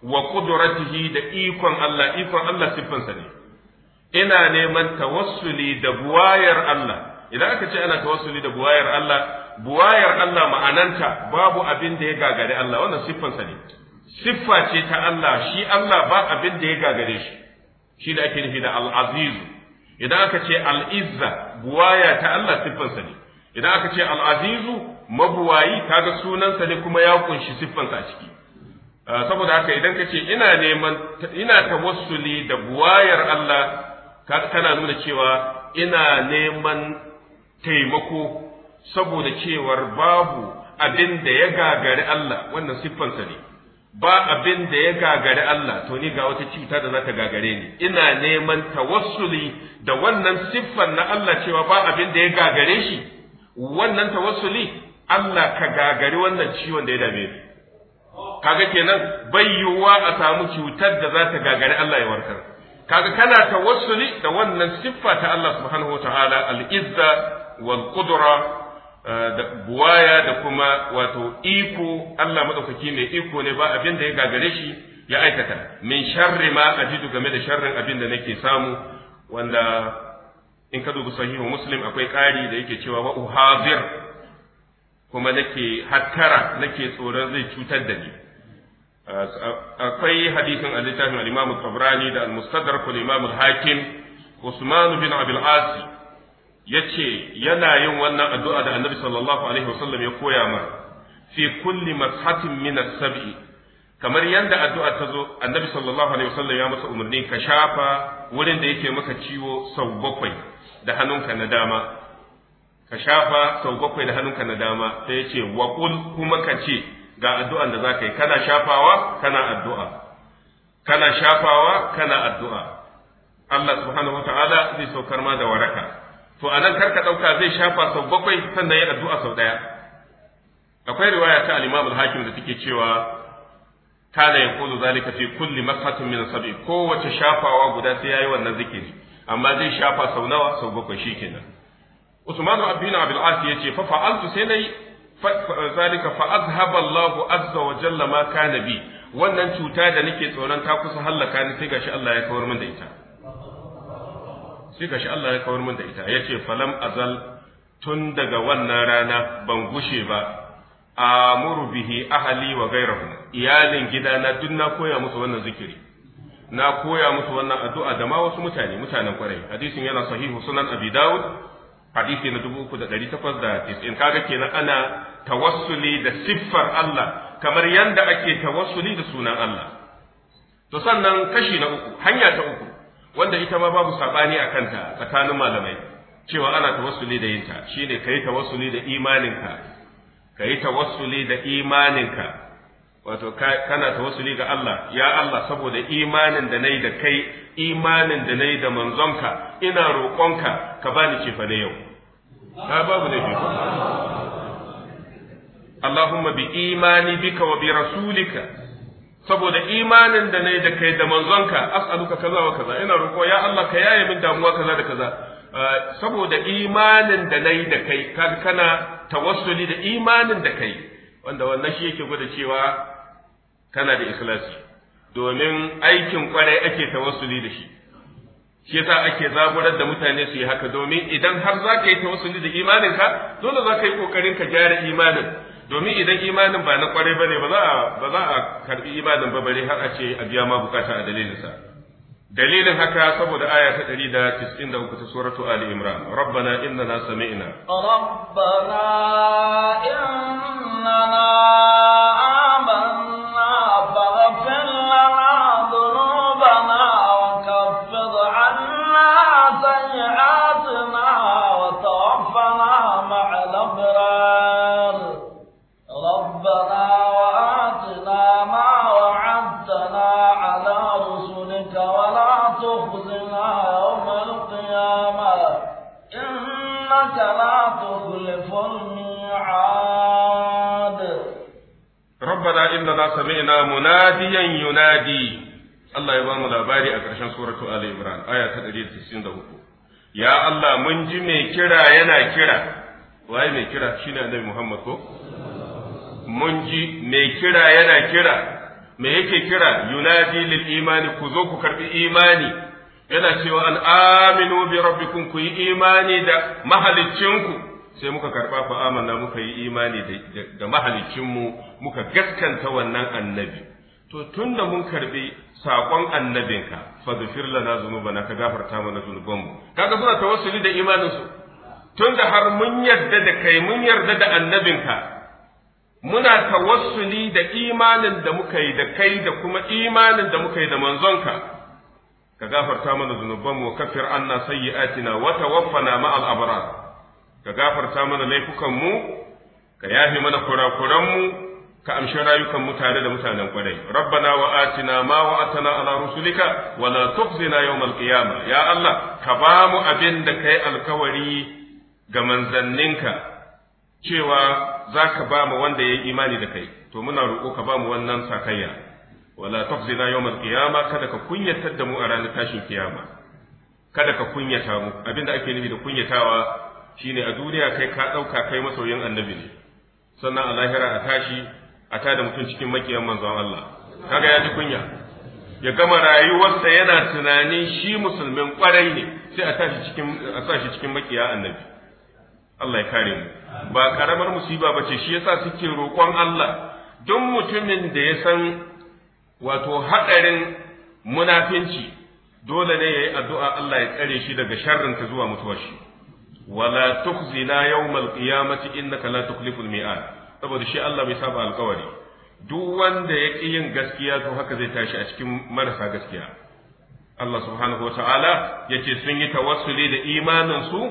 wa kudratihi da ikon Allah ina neman tawassuli da buwayar Allah idan aka ce ana tawassuli da buwayar Allah buwayar Allah ma'ananta babu abin da ya gagare Allah wannan siffansa ne siffa ce ta Allah shi Allah ba abin da ya gagare shi shi da ake nufi da al-aziz idan aka ce al-izza buwaya ta Allah siffansa ne idan aka ce al-azizu mabuwayi kaga sunansa ne kuma ya kunshi siffansa a ciki ah, saboda haka idan ka ce ina neman ina tawassuli da buwayar Allah tana nuna cewa ina neman taimako saboda cewar babu abin da ya gagari Allah wannan siffansa ne ba abin da ya gagari Allah to ni ga wata cuta da za ta gagare ni ina neman tawassuli da wannan siffan na Allah cewa ba abin da ya gagare shi wannan tawassuli Allah ka gagari wannan ciwon da ya dame ni kaga kenan bai yiwuwa a samu cutar da za ta gagari Allah ya warkar kaga kana tawassuli da wannan siffa ta Allah subhanahu wataala al-izza wal qudra eh, da buwaya da kuma wato iko Allah madaukaki mai iko ne ba abin da ya gagare shi ya aikata min sharri ma ajidu game da sharrin abin da nake samu wanda in ka dubi sahihu muslim akwai ƙari da yake cewa wa uhazir kuma nake hattara nake tsoron zai cutar da ni akwai hadisin a littafin al-Imam Tabrani da al-Mustadrak al-Imam hakim Usman bin Abdul As yace yana yin wannan addu'a da Annabi sallallahu alaihi wasallam ya koya ma fi kulli mashatin min as-sab'i kamar yanda addu'a ta zo Annabi sallallahu alaihi wasallam ya masa umarni ka shafa wurin da yake maka ciwo sau bakwai da hannunka na dama ka shafa sau bakwai da hannunka na dama sai yace wa kuma ka ce ga addu'an da zaka yi kana shafawa kana addu'a kana shafawa kana addu'a Allah subhanahu wataala zai saukar ma da waraka to anan karka ɗauka zai shafa sau bakwai sannan yi addu'a sau ɗaya. akwai riwaya ta al-Imam al-Hakim da take cewa kana yaqulu zalika fi kulli masfatin min sabi kowace shafawa guda sai yayi wannan zikiri amma zai shafa sau nawa sau bakwai shikenan Usman bin Abdul ya ce fa fa'altu sai nayi zalika fa azhaba Allahu azza wa jalla ma kana bi wannan cuta da nake tsoron ta kusa hallaka ni sai gashi Allah ya kawar min da ita sai gashi Allah ya kawar min da ita yace falam azal tun daga wannan rana ban gushe ba amuru bihi ahali wa gairahu iyalin gidana duk na koya musu wannan zikiri na koya musu wannan addu'a da ma wasu mutane mutanen kwarai hadisin yana sahihu sunan abi dawud hadisi na dubu uku da ɗari takwas da tis'in kaga kenan ana tawassuli da siffar Allah kamar yanda ake tawassuli da sunan Allah to sannan kashi na uku hanya ta uku wanda ita ma babu sabani a kanta tsakanin malamai cewa ana tawassuli da yinta shine kai tawassuli da imaninka kai tawassuli da imaninka wato kana tawassuli ga Allah ya Allah saboda imanin da nayi da kai imanin da nayi da manzonka ina roƙonka ka bani cefa cefane yau na babu laifi ko Allahumma bi imani bika wa bi rasulika saboda imanin da nayi da kai da manzonka as'aluka kaza wa kaza ina roƙo ya Allah ka yaye min damuwa kaza da kaza ah, saboda imanin da nayi da kai kana tawassuli da imanin da kai wanda wannan shi yake gwada cewa kana da ikhlasi domin aikin kwarai ake tawassuli da shi shi yasa ake zaburar da mutane su yi haka domin idan har za ka yi wasu da imaninka dole za ka yi kokarin ka gyara imanin domin idan imanin ba na kwarai bane ba za a ba za a karbi imanin ba bare har a ce a biya ma bukata a dalilin sa dalilin haka saboda aya ta 193 ta suratu ali imran rabbana innana sami'na rabbana innana kaza inda na sami'na munadiyan yunadi Allah ya ba mu labari a ƙarshen suratu Ali Imran aya ta 193 ya Allah mun ji mai kira yana kira waye mai kira shine Annabi Muhammad ko mun ji mai kira yana kira me yake kira yunadi lil imani ku zo ku karbi imani yana cewa an aminu bi rabbikum ku yi imani da mahaliccinku sai muka karɓa fa amanna muka yi imani da mahalicinmu muka gaskanta wannan annabi to tunda mun karɓi saƙon annabinka fa fadfir lana zunubana ka gafarta mana zunubanmu kaga suna tawassuli da imaninsu tunda har mun yarda da kai mun yarda da annabinka muna tawassuli da imanin da muka yi da kai da kuma imanin da muka yi da manzonka ka gafarta mana zunubanmu kafir anna sayyi'atina wa tawaffana ma'al abrar ka gafarta mana laifukan mu, ka yafe mana mu, ka amshi rayukanmu tare da mutanen kwarai rabbana wa atina ma wa atana ala rusulika wa la tukhzina yawmal qiyama ya allah ka ba mu abin da kai alkawari ga manzanninka cewa za ka ba mu wanda ya yi imani da kai to muna roƙo ka ba mu wannan sakayya wala tukhzina yawmal qiyama kada ka kunyatar da mu a ranar tashin kiyama kada ka kunyata mu abinda ake nufi da kunyatawa Shi ne a duniya kai ka ɗauka kai masoyin annabi ne sannan a lahira a tashi a tada mutum cikin makiyan manzon Allah kaga ya ji kunya ya gama rayuwarsa yana tunanin shi musulmin kwarai ne sai a tashi cikin cikin makiya annabi Allah ya kare mu ba karamar musiba ba ce shi yasa suke roƙon Allah duk mutumin da ya san wato haɗarin munafinci dole ne ya yi addu'a Allah ya tsare shi daga sharrin zuwa mutuwar shi wala tukhzina yawmal qiyamati innaka la tukhliful mi'ad saboda shi Allah bai saba alƙawari duk wanda ya ƙi yin gaskiya to haka zai tashi a cikin marasa gaskiya Allah subhanahu wata'ala ya ce sun yi tawassuli da imanin su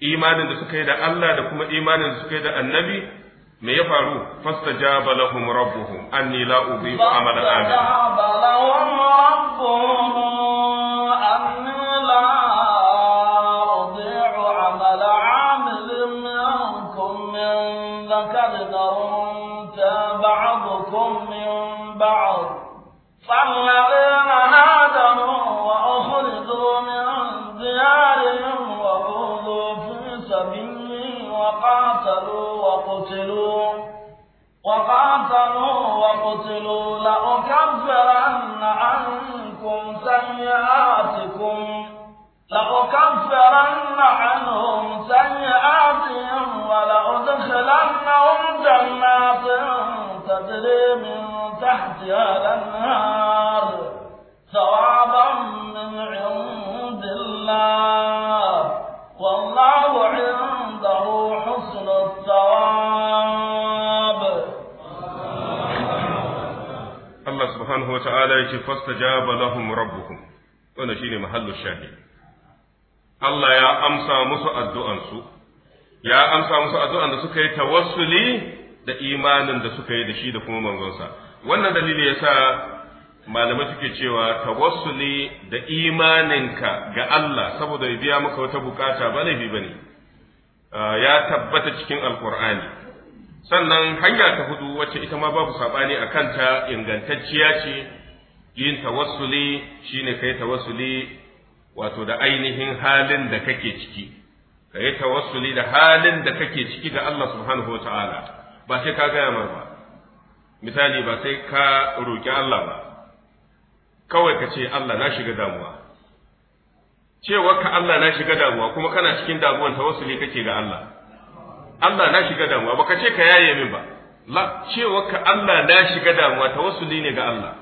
imanin da suka yi da Allah da kuma imanin da suka yi da annabi me ya faru fastajaba lahum rabbuhum anni la ubi amala amin وقاتلوا وقتلوا وقاتلوا وقتلوا لأكفرن عنكم سيئاتكم لأكفرن عنهم سيئاتهم ولأدخلنهم جنات تجري من تحتها الأنهار ثوابا من عند الله subhanahu wa ta'ala ya ce fastajaba lahum rabbuhum wannan shine mahallu shahi. Allah ya amsa musu addu'ansu ya amsa musu addu'an da suka yi tawassuli da imanin da suka yi da shi da kuma manzonsa wannan dalili yasa malamai suke cewa tawassuli da imaninka ga Allah saboda ya biya maka wata bukata ba laifi bane ah, ya tabbata cikin alqur'ani sannan hanya ta hudu wacce ita ma babu sabani a kanta ingantacciya ce yin tawassuli shine kai tawassuli wato da ainihin halin da kake ciki kai tawassuli da halin da kake ciki da Allah subhanahu wataala ba sai ka gaya mar ba misali ba sai ka roki Allah ba kawai ka ce Allah na shiga damuwa cewa ka Allah na shiga damuwa kuma kana cikin damuwar tawassuli kake ga Allah Allah na shiga damuwa Ba ka ce ka yaye min ba la cewa ka Allah na shiga damuwa tawassuli ne ga Allah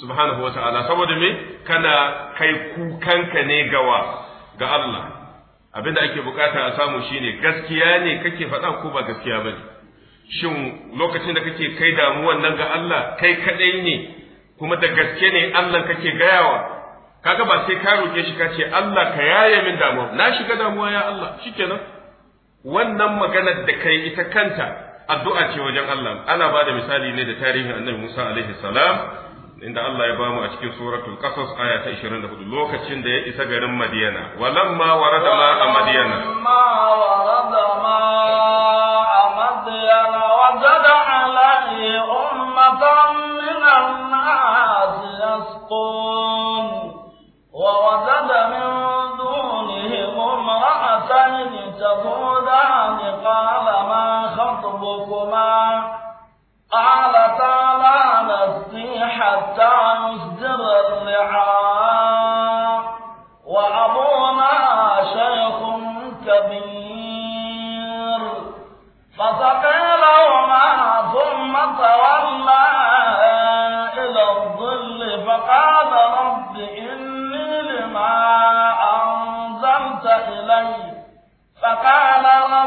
subhanahu wa ta'ala saboda me kana kai ka ne gawa ga Allah abin da ake bukata a samu shine gaskiya ne kake faɗa ko ba gaskiya bane shin lokacin da kake kai damuwan nan ga Allah kai kadai ne kuma da gaske ne Allah kake gayawa kaga ba sai ka roke shi ka ce Allah ka yaye min damuwa na shiga damuwa ya Allah shikenan wannan maganar da kai ita kanta addu'a ce wajen Allah ana ba da misali ne da tarihin annabi Musa alaihi salam inda Allah ya bamu a cikin suratul qasas aya ta 24 lokacin da ya isa garin Madiyana walamma warada ma a Madiyana ma warada ma a Madiyana wajada alaihi ummatan min an-nas yasqun wa wajada min dun امرأتين تذودان قال ما خطبكما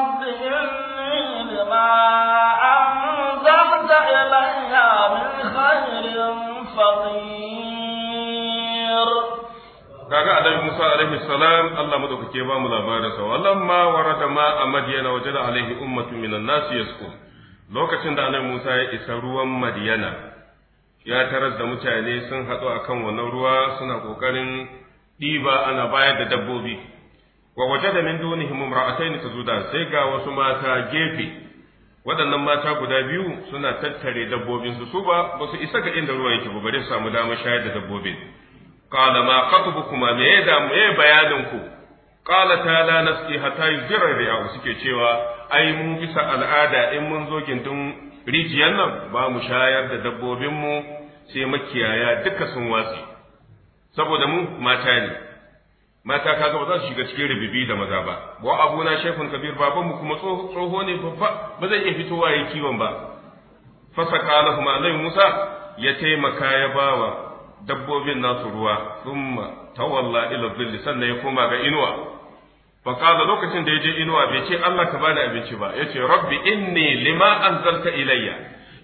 رب إني لما أنزلت إلي من خير فقير kaga annabi Musa alaihi salam Allah madaukake ba mu labarin sa ma warada ma a Madiyana wajada alaihi ummatu minan nas yasku lokacin da annabi Musa ya isa ruwan Madiyana ya tarar da mutane sun haɗu akan wannan ruwa suna kokarin ɗiba ana bayar da dabbobi wa wajada min dunihim imra'atayn tazudan sai ga wasu mata gefe waɗannan mata guda biyu suna tattare dabbobin su ba ba su isa ga inda ruwa yake ba bari su samu damar shayar da dabbobin qala ma qatbukuma me ya da me bayanin ku qala ta la nasqi hatta yujra ri'a suke cewa ai mu bisa al'ada in mun zo gindin rijiyar nan ba mu shayar da dabbobin mu sai makiyaya duka sun watsi saboda mu mata ne mata kaga ba za su shiga cikin rububi da maza ba wa abuna shaykhun kabir baban mu kuma tsoho ne babba ba zai iya fitowa yayin kiwon ba fasaka lahum alai musa ya taimaka ya bawa dabbobin nasu ruwa thumma tawalla ila dhilli sannan ya koma ga inuwa fa kaza lokacin da ya je inuwa bai ce Allah ka bani abinci ba yace rabbi inni lima anzalta ilayya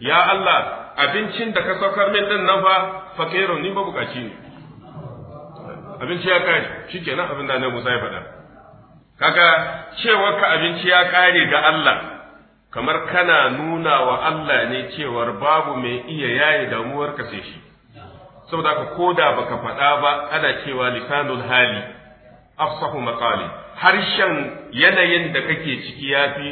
ya Allah abincin da ka saukar min din nan fa fakirun ni ba bukaci ne abinci ya kare kenan abin da annabi Musa ya faɗa kaga cewar ka abinci ya kare ga Allah kamar kana nuna wa Allah ne cewar babu mai iya yaye damuwar ka sai shi saboda ka koda baka faɗa ba ana cewa lisanul hali afsahu maqali harshen yanayin da kake ciki yafi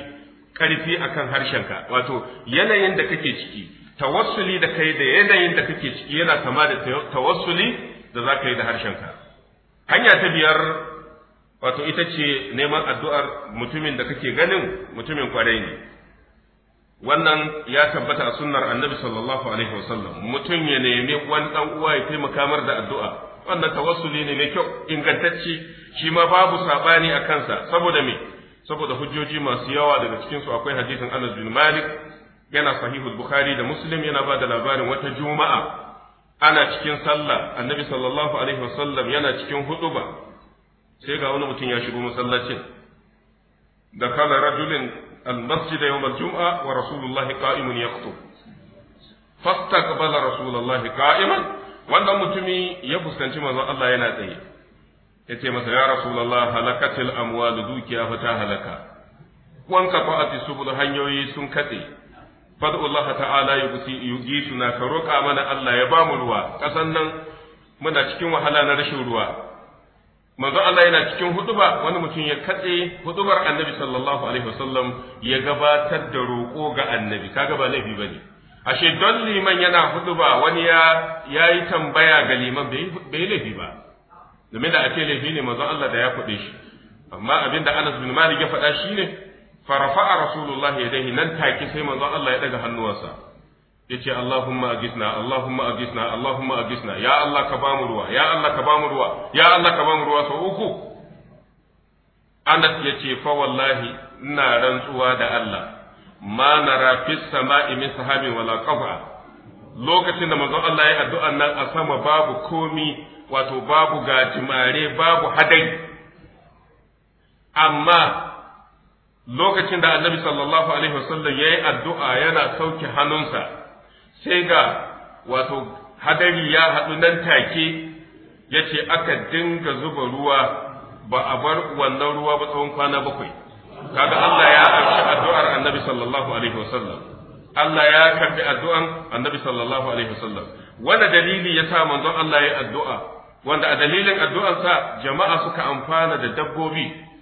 karfi akan harshenka wato yanayin da kake ciki tawassuli da kai da yanayin da kake ciki yana kama da tawassuli da za ka yi da harshen ka hanya ta biyar wato ita ce neman addu'ar mutumin da kake ganin mutumin kwarai ne wannan ya tabbata a sunnar annabi sallallahu alaihi wasallam mutum ya nemi wani dan uwa ya taimaka mar da addu'a wannan tawassuli ne mai kyau ingantacci shi ma babu sabani a kansa saboda me saboda hujjoji masu yawa daga cikin su akwai hadisin Anas bin Malik yana sahihul Bukhari da Muslim yana ba da labarin wata juma'a ana cikin sallah annabi sallallahu alaihi wasallam yana cikin ba. sai ga wani mutum ya shigo masallacin da kala rajulin المسجد يوم الجمعة ورسول الله قائم يخطب فاستقبل رسول الله قائما wanda mutumi ya fuskanci manzon Allah yana tsaye ya ce masa ya rasulullah halakatil amwal dukiya fa ta halaka wanka fa ati subul hanyoyi sun katse Allah ta'ala yubsi yugisuna ka roka mana Allah ya bamu ruwa kasan nan muna cikin wahala na rashin ruwa manzo Allah yana cikin hutuba wani mutum ya katse huɗubar annabi sallallahu alaihi wasallam ya gabatar da roko ga annabi kaga ba laifi bane ashe don liman yana hutuba wani ya yayi tambaya ga liman bai laifi ba domin da ake laifi ne manzo Allah da ya faɗe shi amma abinda Anas bin Malik ya faɗa ne. farafa'a rasulullahi yadayhi nan take sai manzon Allah ya daga hannuwansa yace Allahumma agisna Allahumma agisna Allahumma agisna ya Allah ka bamu ruwa ya Allah ka bamu ruwa ya Allah ka bamu ruwa sau uku Anas yace fa wallahi ina rantsuwa da Allah ma nara fis sama'i wala lokacin da manzon Allah ya addu'an nan a sama babu komi wato babu gajimare babu hadai amma lokacin da annabi sallallahu alaihi wasallam ya yi addu'a yana sauke hannunsa sai ga wato hadari ya haɗu nan take ya ce aka dinga zuba ruwa ba a bar wannan ruwa ba tsawon kwana bakwai kaga Allah ya karbi addu'ar annabi sallallahu alaihi wasallam Allah ya karbi addu'an annabi sallallahu alaihi wasallam wanda dalili ya sa manzon Allah ya addu'a wanda a dalilin addu'ansa jama'a suka amfana da dabbobi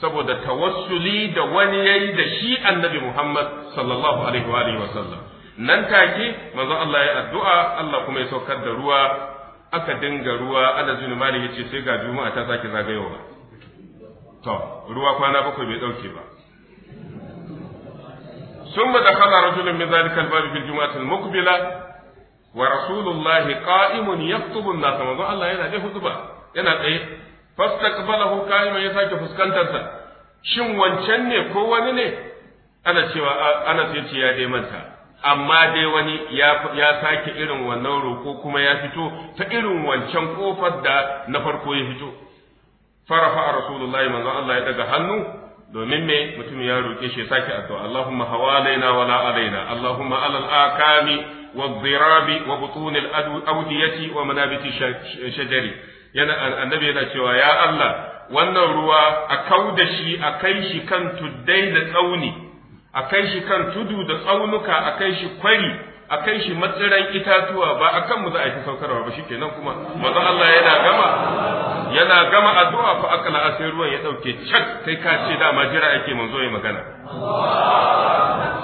saboda tawassuli da wani yi da shi annabi Muhammad sallallahu alaihi wa alihi wasallam nan take manzo Allah ya addu'a Allah kuma ya saukar da ruwa aka dinga ruwa Anas bin Malik yace sai ga Juma'a ta sake zagayowa to ruwa kwana bakwai bai dauke ba ثم دخل رجل من ذلك الباب في الجمعة المقبلة ورسول الله قائم يخطب الناس manzo Allah yana dai hutuba yana tsaye fastaqbalahu qa'iman ya sake fuskantar sa shin wancan ne ko wani ne ana cewa ana sai ce ya dai manta amma dai wani ya ya sake irin wannan roko kuma ya fito ta irin wancan kofar da na farko ya fito farafa rasulullahi manzon Allah ya daga hannu domin me mutum ya roke shi sake addu'a Allahumma hawalaina wala alaina Allahumma alal akami wa dhirabi wa butunil awdiyati wa manabiti shajari yana annabi yana cewa ya Allah wannan ruwa a kau da shi a kai shi kan tuddai da tsauni a kai shi kan tudu da tsaunuka a kai shi kwari a kai shi matsiran itatuwa ba a kanmu za a yi saukarwa ba shikenan kuma manzo Allah yana gama yana gama addu'a fa akala asai ruwan ya dauke cak kai ka ce dama jira ake manzo ya magana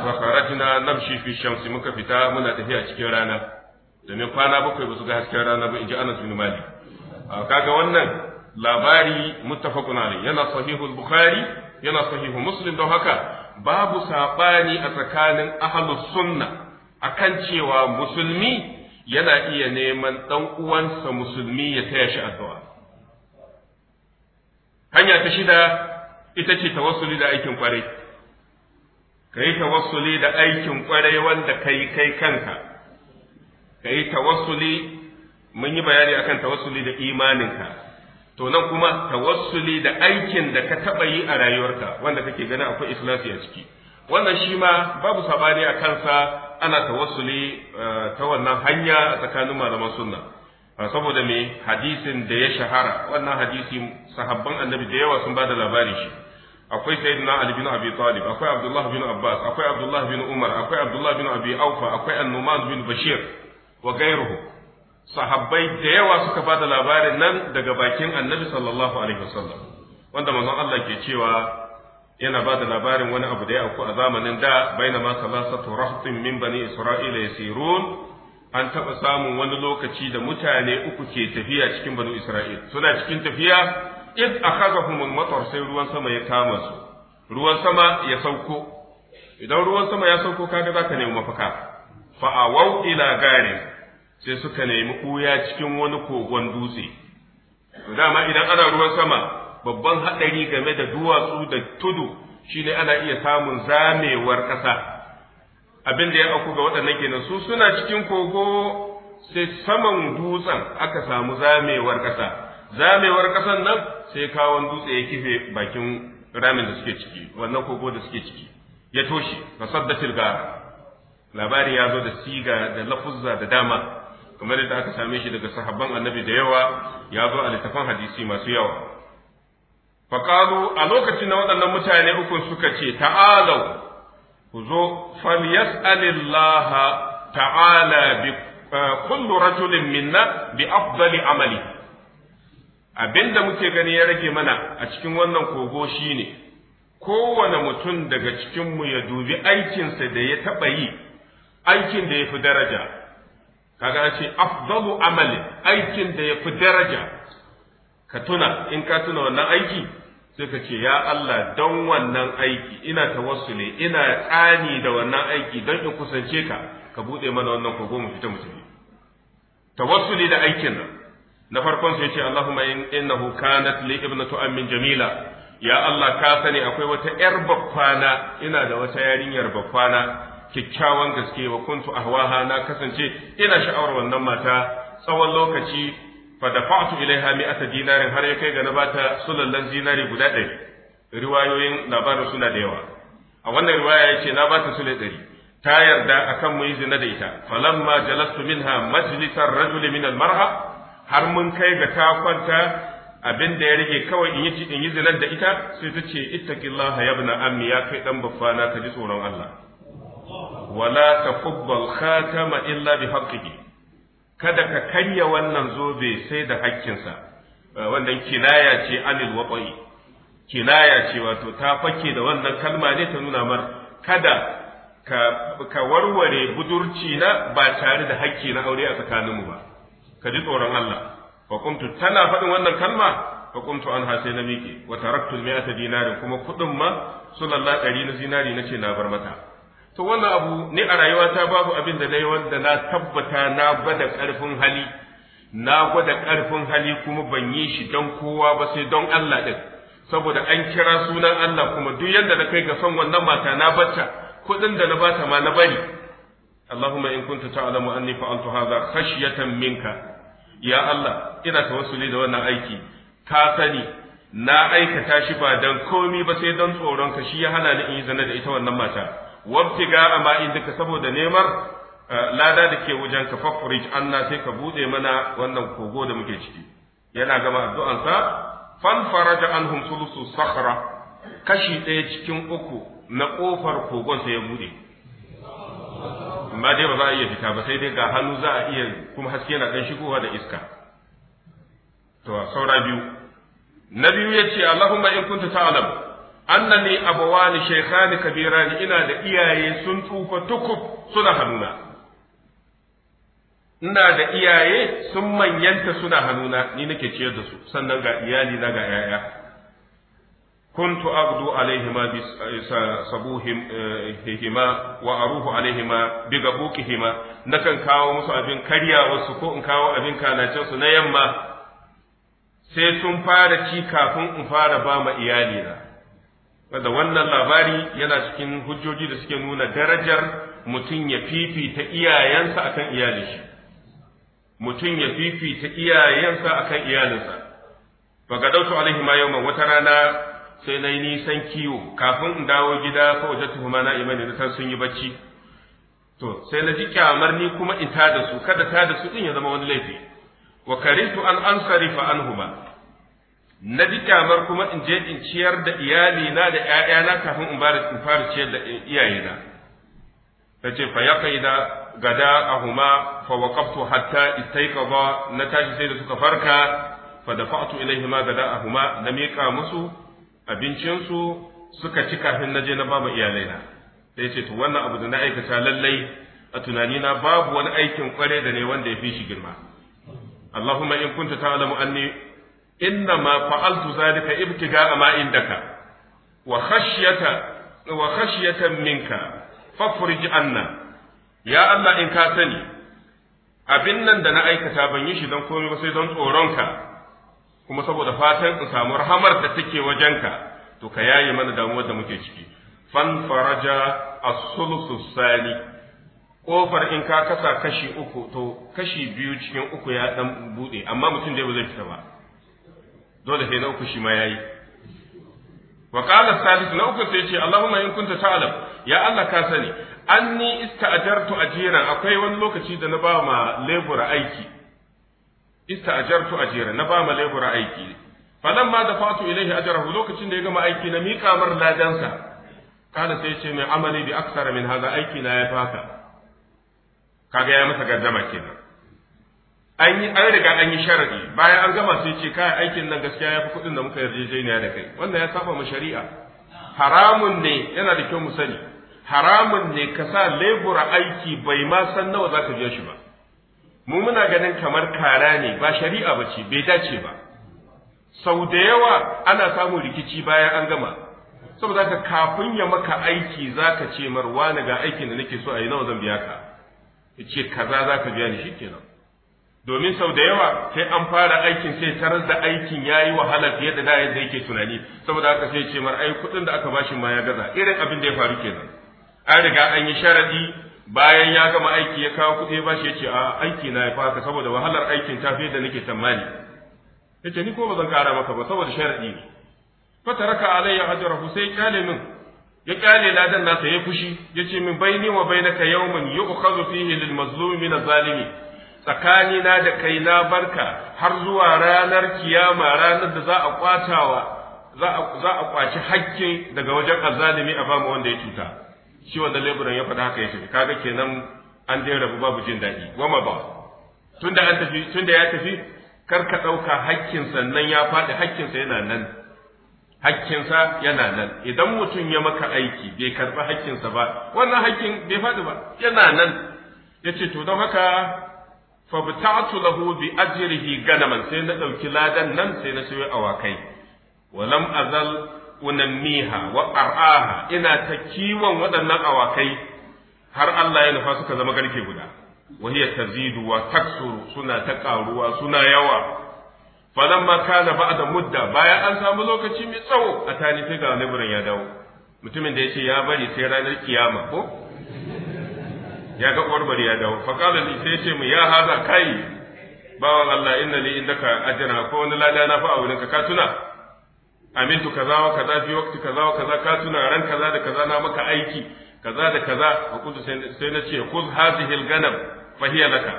wa kharajna namshi fi shamsi muka fita muna tafiya cikin rana domin kwana bakwai ba su ga hasken rana ba in ji Anas bin Malik Ah, kaga wannan labari muttafaquna alayhi yana sahihul bukhari yana sahihu muslim don haka babu sabani a tsakanin ahlus sunna akan cewa musulmi yana iya neman dan uwansa musulmi ya taya shi addu'a hanya ta shida ita ce tawassuli da aikin kwarai kai tawassuli da aikin kwarai wanda kai kai kanka kai tawassuli mun yi bayani akan tawassuli da imaninka to nan kuma tawassuli da aikin da ka taɓa yi a rayuwarka wanda kake ganin akwai ikhlasi a ciki wannan shi ma babu sabani a kansa ana tawassuli eh, ta wannan hanya a tsakanin malaman sunna ah, saboda me hadisin da ya shahara wannan hadisi sahabban annabi da yawa sun da labari shi akwai sayyidina ali bin abi talib akwai abdullah bin abbas akwai abdullah bin umar akwai abdullah bin abi aufa akwai annuman bin bashir wa gairuhu sahabbai da yawa suka bada labarin nan daga bakin annabi sallallahu alaihi wasallam wanda manzon Allah ke cewa yana ba da labarin wani abu da ya auku a zamanin da baina ma salasatu rahtin min bani isra'ila yasirun an taba samun wani lokaci da mutane uku ke tafiya cikin bani isra'il suna cikin tafiya id akhazahum al-matar sai ruwan sama ya kama su ruwan sama ya sauko idan ruwan sama ya sauko kaga zaka nemi mafaka fa awau ila garin sai suka nemi ɓuya cikin wani kogon dutse dama idan ana ruwan sama babban haɗari game da duwatsu da tudu shine ana iya samun zamewar ƙasa abin da ya auku ga waɗannan kenan su suna cikin kogo sai saman dutsen aka samu zamewar ƙasa zamewar ƙasan nan sai kawon dutse ya kife bakin ramin da suke ciki wannan kogo da suke ciki ya toshe fasaddatil gara labari ya zo da siga da lafuzza da dama kamar yadda aka same shi daga sahabban annabi da yawa ya zo a littafan hadisi masu yawa faƙalu a lokacin da waɗannan mutane uku suka ce ta'alau ku zo yas'alillaha ta'ala bi eh, kullu rajulin minna bi afdali amali abinda muke gani ya rage mana a cikin wannan kogo shine kowane mutum daga cikinmu ya dubi aikinsa da ya taɓa yi aikin da ya fi daraja kaga ce afdalu amali aikin da ya fi daraja ka tuna in ka tuna wannan aiki sai ka ce ya Allah don wannan aiki ina tawassuli ina tsani da wannan aiki don in kusance ka ka buɗe mana wannan kogo mu fita mu tafi tawassuli da aikin nan na farkon sai ce Allahumma innahu kanat li ibnatu ammin jamila ya Allah ka sani akwai wata ‘yar babbana ina da wata yarinyar babbana kyakkyawan gaske wa kuntu ahwaha na kasance ina sha'awar wannan mata tsawon lokaci fa dafa'tu ilaiha mi'ata dinarin har ya kai ga na bata sulallan zinari guda ɗari riwayoyin labarin suna da yawa a wannan riwaya yace na bata sule ɗari ta yarda akan mu yi zina da ita falamma jalastu minha majlisar rajuli min almar'a har mun kai ga ta kwanta abin da ya rage kawai in yi in zinar da ita sai ta ce ittaqillaha yabna ammi ya kai dan baffana ka ji tsoron Allah wala takubbal khatama illa bi kada ka karya wannan zobe sai da haƙƙinsa eh, wannan kinaya ce anil waɓai kinaya ce wato ta fake da wannan kalma ne ta nuna mar kada ka warware budurci na ba tare da hakki na aure a tsakaninmu ba ka ji tsoron Allah fa kuntu tana faɗin wannan kalma fa kuntu an hasai na miƙe wa taraktu mi'ata dinarin kuma kuɗin ma sunan ɗari na zinari nace na bar mata to wannan abu ni a rayuwa ta babu abin da na yi wanda na tabbata na bada ƙarfin hali na gwada ƙarfin hali kuma ban yi shi don kowa ba sai don Allah ɗin saboda an kira sunan Allah kuma duk yadda na kai ga son wannan mata na bata kuɗin da na bata ma na bari Allahumma in kunta ta'lamu anni fa'altu hadha khashyatan minka ya Allah ina tawassuli da wannan aiki ka sani na aikata shi ba don komi ba sai don tsoron ka shi ya hana ni in yi zana da ita wannan mata wabtiga amma in duka saboda nemar eh, lada da ke wajen ka fafurij anna sai ka bude mana wannan kogo da muke ciki yana gama addu'ansa fan faraja anhum sulusu sakhra kashi ɗaya cikin uku na ƙofar kogon sai ya bude amma dai ba za a iya fita ba sai dai ga hannu za a iya kuma haske yana dan shigowa da iska to saura biyu na biyu ya ce allahumma in kunta ta'lam annani abawani shaykhani kabirani ina da iyaye sun tsufa tukuf suna hannuna ina da iyaye sun manyanta suna hannuna ni nake ciyar da su sannan ga iyali na ga yaya كنت أغدو alaihima بصبوهما وأروح عليهما kawo musu abin مسو wasu ko in kawo abin أبين su na yamma sai sun fara ci kafin in fara ba ma na. da wannan labari yana cikin hujjoji da suke nuna darajar mutum ya fifita iyayensa akan iyalin shi mutum ya fifita iyayensa akan iyalinsa fa ga dautu alaihi ma wata rana sai nayi nisan kiwo kafin in dawo gida fa wajatu ma na imani da sun yi bacci to sai na ji kyamar ni kuma in ta da su kada ta da su din ya zama wani laifi wa karitu an ansarifa anhuma na ji kyamar kuma in je in ciyar da iyalina da ‘ya'yana kafin in fara ciyar da iyayena. Ta ce, fa ya kai da gada a huma fa waƙaftu hatta istaika ba na tashi sai da suka farka fa da fa'atu ilaihima gada a huma na miƙa musu abincinsu suka ci kafin na je na ba iyalaina. Sai ce, to wannan abu da na aikata lallai a tunanina babu wani aikin kware da ne wanda ya fi shi girma. Allahumma in kunta ta'lamu anni inna ma fa'altu zalika ka ma indaka wa khashyata wa khashyatan minka fafrij anna ya Allah in ka sani abin nan da na aikata ban yi shi don komai ba sai don tsoronka kuma saboda fatan in samu rahamar da take wajenka to ka yayi mana damuwar da muke ciki fan faraja as-sulusu sani kofar in ka kasa kashi uku to kashi biyu cikin uku ya dan bude amma mutum da ba zai fita ba dole sai na uku shi ma yayi wa qala salis na uku sai ce allahumma in kunta ta'lam ya allah ka sani anni ista'jartu ajiran akwai wani lokaci da na ba ma lebura aiki ista'jartu ajiran na ba ma lebura aiki ma da fatu ilaihi ajrahu lokacin da ya gama aiki na miƙa mar ladansa kana sai ce mai amali bi aksara min haza aiki na ya fata. kaga ya masa gardama kenan an yi an riga an yi sharadi bayan an gama sai ce kai aikin nan gaskiya yafi kuɗin da muka yarjejeniya da kai wannan ya saba mu shari'a haramun ne yana da kyau mu sani haramun ne ka sa lebura aiki bai ma san nawa za ka biya shi ba mu muna ganin kamar kara ne ba shari'a ba ce bai dace ba sau da yawa ana samun rikici bayan an gama saboda ka kafin ya maka aiki za ka ce marwa ga aikin da nake so a yi nawa zan biya ka ya ce kaza za ka biya ni shi kenan. domin sau da yawa sai an fara aikin sai tarar da aikin ya yi wahala fiye da da yake tunani saboda haka sai ce mar ai kuɗin da aka bashi ma ya gaza irin abin da ya faru kenan an riga an yi sharadi bayan ya gama aiki ya kawo kuɗi ba shi ya ce a aiki na ya faka saboda wahalar aikin ta fiye da nake tsammani ya ce ni ko ba zan kara maka ba saboda sharadi ne fataraka alayya hajjarahu sai kyale min ya kyale ladan nasa ya fushi ya ce min baini wa bainaka yawman yu'khadhu fihi lil mazlumi min zalimi tsakanina da kai na barka har zuwa ranar kiyama ranar da za a kwatawa za a kwaci hakkin daga wajen azalimi a bama wanda ya cuta shi wanda leburan ya faɗa haka ya tafi kaga kenan an dai rabu babu jin daɗi goma ba tunda an tafi tunda ya tafi kar ka ɗauka hakkin sannan ya faɗi sa yana nan sa yana nan idan mutum ya maka aiki bai karɓi sa ba wannan hakkin bai faɗi ba yana nan ya ce to don haka fa bita'tu lahu bi ajrihi ganaman sai na dauki ladan nan sai na sayo awakai walam azal unammiha wa ar'aha ina ta kiwon waɗannan awakai har Allah ya nufa suka zama garke guda wa hiya tazidu wa taksuru suna ta ƙaruwa suna yawa falamma kana ba'da mudda bayan an samu lokaci mai tsawo a tani sai ga wani ya dawo mutumin da ce ya bari sai ranar kiyama ko ya ga uwar bari ya dawo fa qala li sai ce mu ya haza kai bawan Allah inna li indaka ajra ko wani lada na fa a wurin ka tuna amintu kaza wa kaza fi waqti kaza wa kaza ka tuna ran kaza da kaza na maka aiki kaza da kaza a kudu sai na ce khudh hadhihi al ganab fa hiya laka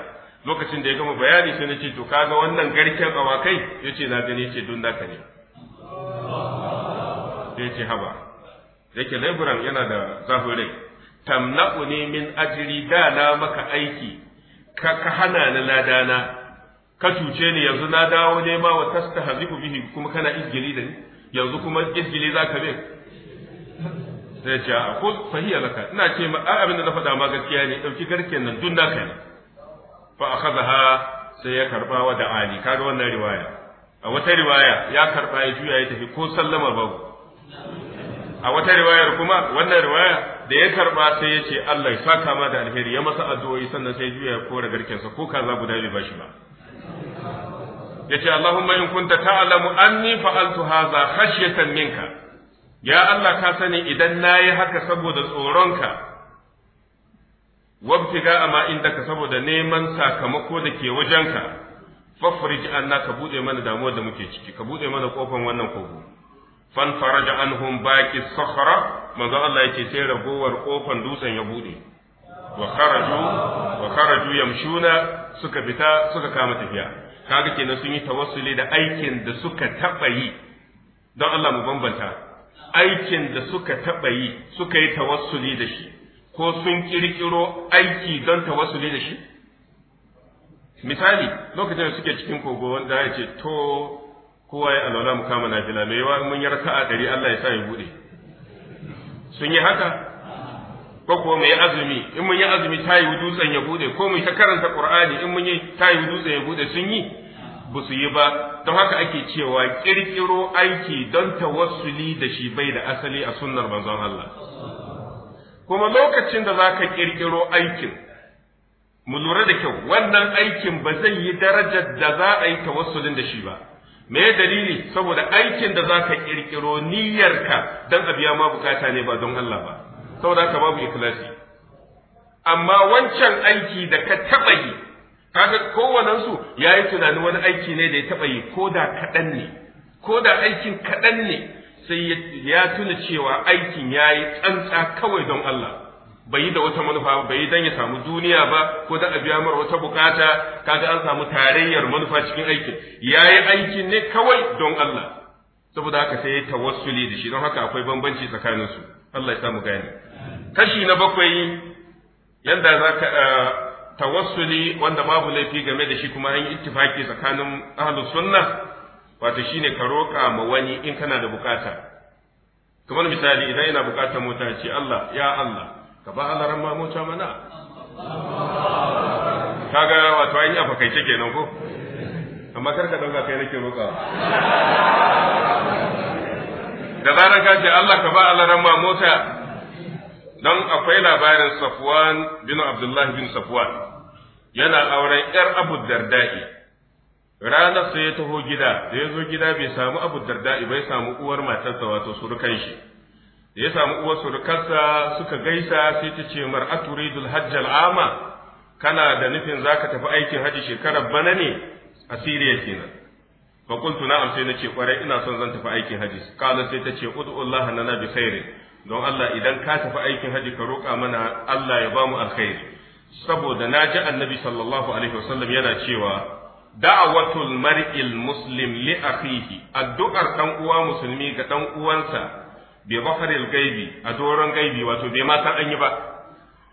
lokacin da ya gama bayani sai na ce to kaga wannan garken awakai yace na gani yace don naka ne yace haba yake laburan yana da zafin rai Tamna'u ne min ajri dana maka aiki ka ka hana ni ladana ka cuce ni yanzu na dawo ne ma wa tastahziku bihi kuma kana izgili da ni yanzu kuma izgili zaka bi sai ce a ko fahiya laka ina ce ma a abin da na faɗa ma gaskiya ne dauki garken nan dun naka ne fa akhadha sai ya karba wa da'ani, kaga wannan riwaya a wata riwaya ya karba ya juya ya tafi ko sallama babu a wata riwayar kuma wannan riwaya da ya karba sai ya ce Allah ya saka ma da alheri ya masa addu'o'i sannan sai juya ya kora garkensa ko kaza guda ku bashi ba yace Allahumma in kunta ta'lamu anni fa'altu hadha khashyatan minka ya Allah ka sani idan nayi haka saboda tsoronka wabtiga amma inda ka saboda neman sakamako da ke wajenka fafrij anna ka bude mana damuwar da muke ciki ka bude mana kofan wannan kogo fan faraja anhum baqi sakhra manzo Allah yake sai ragowar kofan dutsen ya bude wa kharaju wa kharaju yamshuna suka fita suka kama tafiya kaga kenan sun yi tawassuli da aikin da suka taba yi don Allah mu bambanta aikin da suka taba yi suka yi tawassuli da shi ko sun kirkiro aiki don tawassuli da shi misali lokacin da suke cikin kogo wanda ya ce to kowa ya alwala mu kama nafila mai yawa mun yi raka'a ɗari Allah ya sa ya buɗe sun yi haka ko ko mu azumi in mun yi azumi ta dutsen ya buɗe ko mu ta karanta qur'ani in mun yi ta dutsen ya buɗe sun yi ba su yi ba don haka ake cewa ƙirƙiro aiki don tawassuli da shi bai da asali a sunnar manzon Allah kuma lokacin da zaka kirkiro aikin mu lura da kyau wannan aikin ba zai yi darajar da za a yi tawassulin da shi ba me dalili saboda aikin da zaka ƙirƙiro niyyarka dan a biya ma bukata ne ba don Allah ba saboda haka babu ikhlasi amma wancan aiki da ka taba yi kaga kowannen su yayi tunanin wani aiki ne da ya taɓa yi ko da kadan ne ko da aikin kaɗan ne sai ya tuna cewa aikin yayi tsantsa kawai don Allah bai yi da wata manufa bai yi dan ya samu duniya ba ko da a biya mara wata bukata kaga an samu tarayyar manufa cikin aikin yayi aikin ne kawai don Allah saboda haka sai tawassuli da shi don haka akwai bambanci tsakanin su Allah ya samu gani kashi na bakwai yanda zaka eh, tawassuli wanda babu laifi game da shi kuma an yi ittifaki tsakanin ahlus sunna wato shine ka roƙa ma wani in kana da bukata kamar misali idan ina bukatar mota ce Allah ya Allah ka ba Allah ran Ta mana kaga wato ya fakai afakaice kenan ko amma kar ka dauka kai nake roka da zaran ka ce Allah ka ba Allah ran mamoca dan akwai labarin Safwan bin Abdullah bin Safwan yana auren ‘yar Abu Darda'i ranar sai ya taho gida da ya zo gida bai samu Abu Darda'i bai samu uwar matarsa wato surukan shi da ya samu uwar surukarsa suka gaisa sai ta ce mar aturidul hajjal ama kana da nufin zaka tafi aikin haji shekarar bana ne a siriya kenan fa qultu na'am sai nace kwarai ina son zan tafi aikin haji kala sai ta ce ud'ullaha lana bi khairin don Allah idan ka tafi aikin haji ka roƙa mana Allah ya bamu alkhairi saboda na ji annabi sallallahu alaihi wasallam yana cewa da'awatul mar'il muslim li akhihi addu'ar dan uwa musulmi ga dan uwansa bi bafaril gaibi a doron gaibi wato bai ma san an yi ba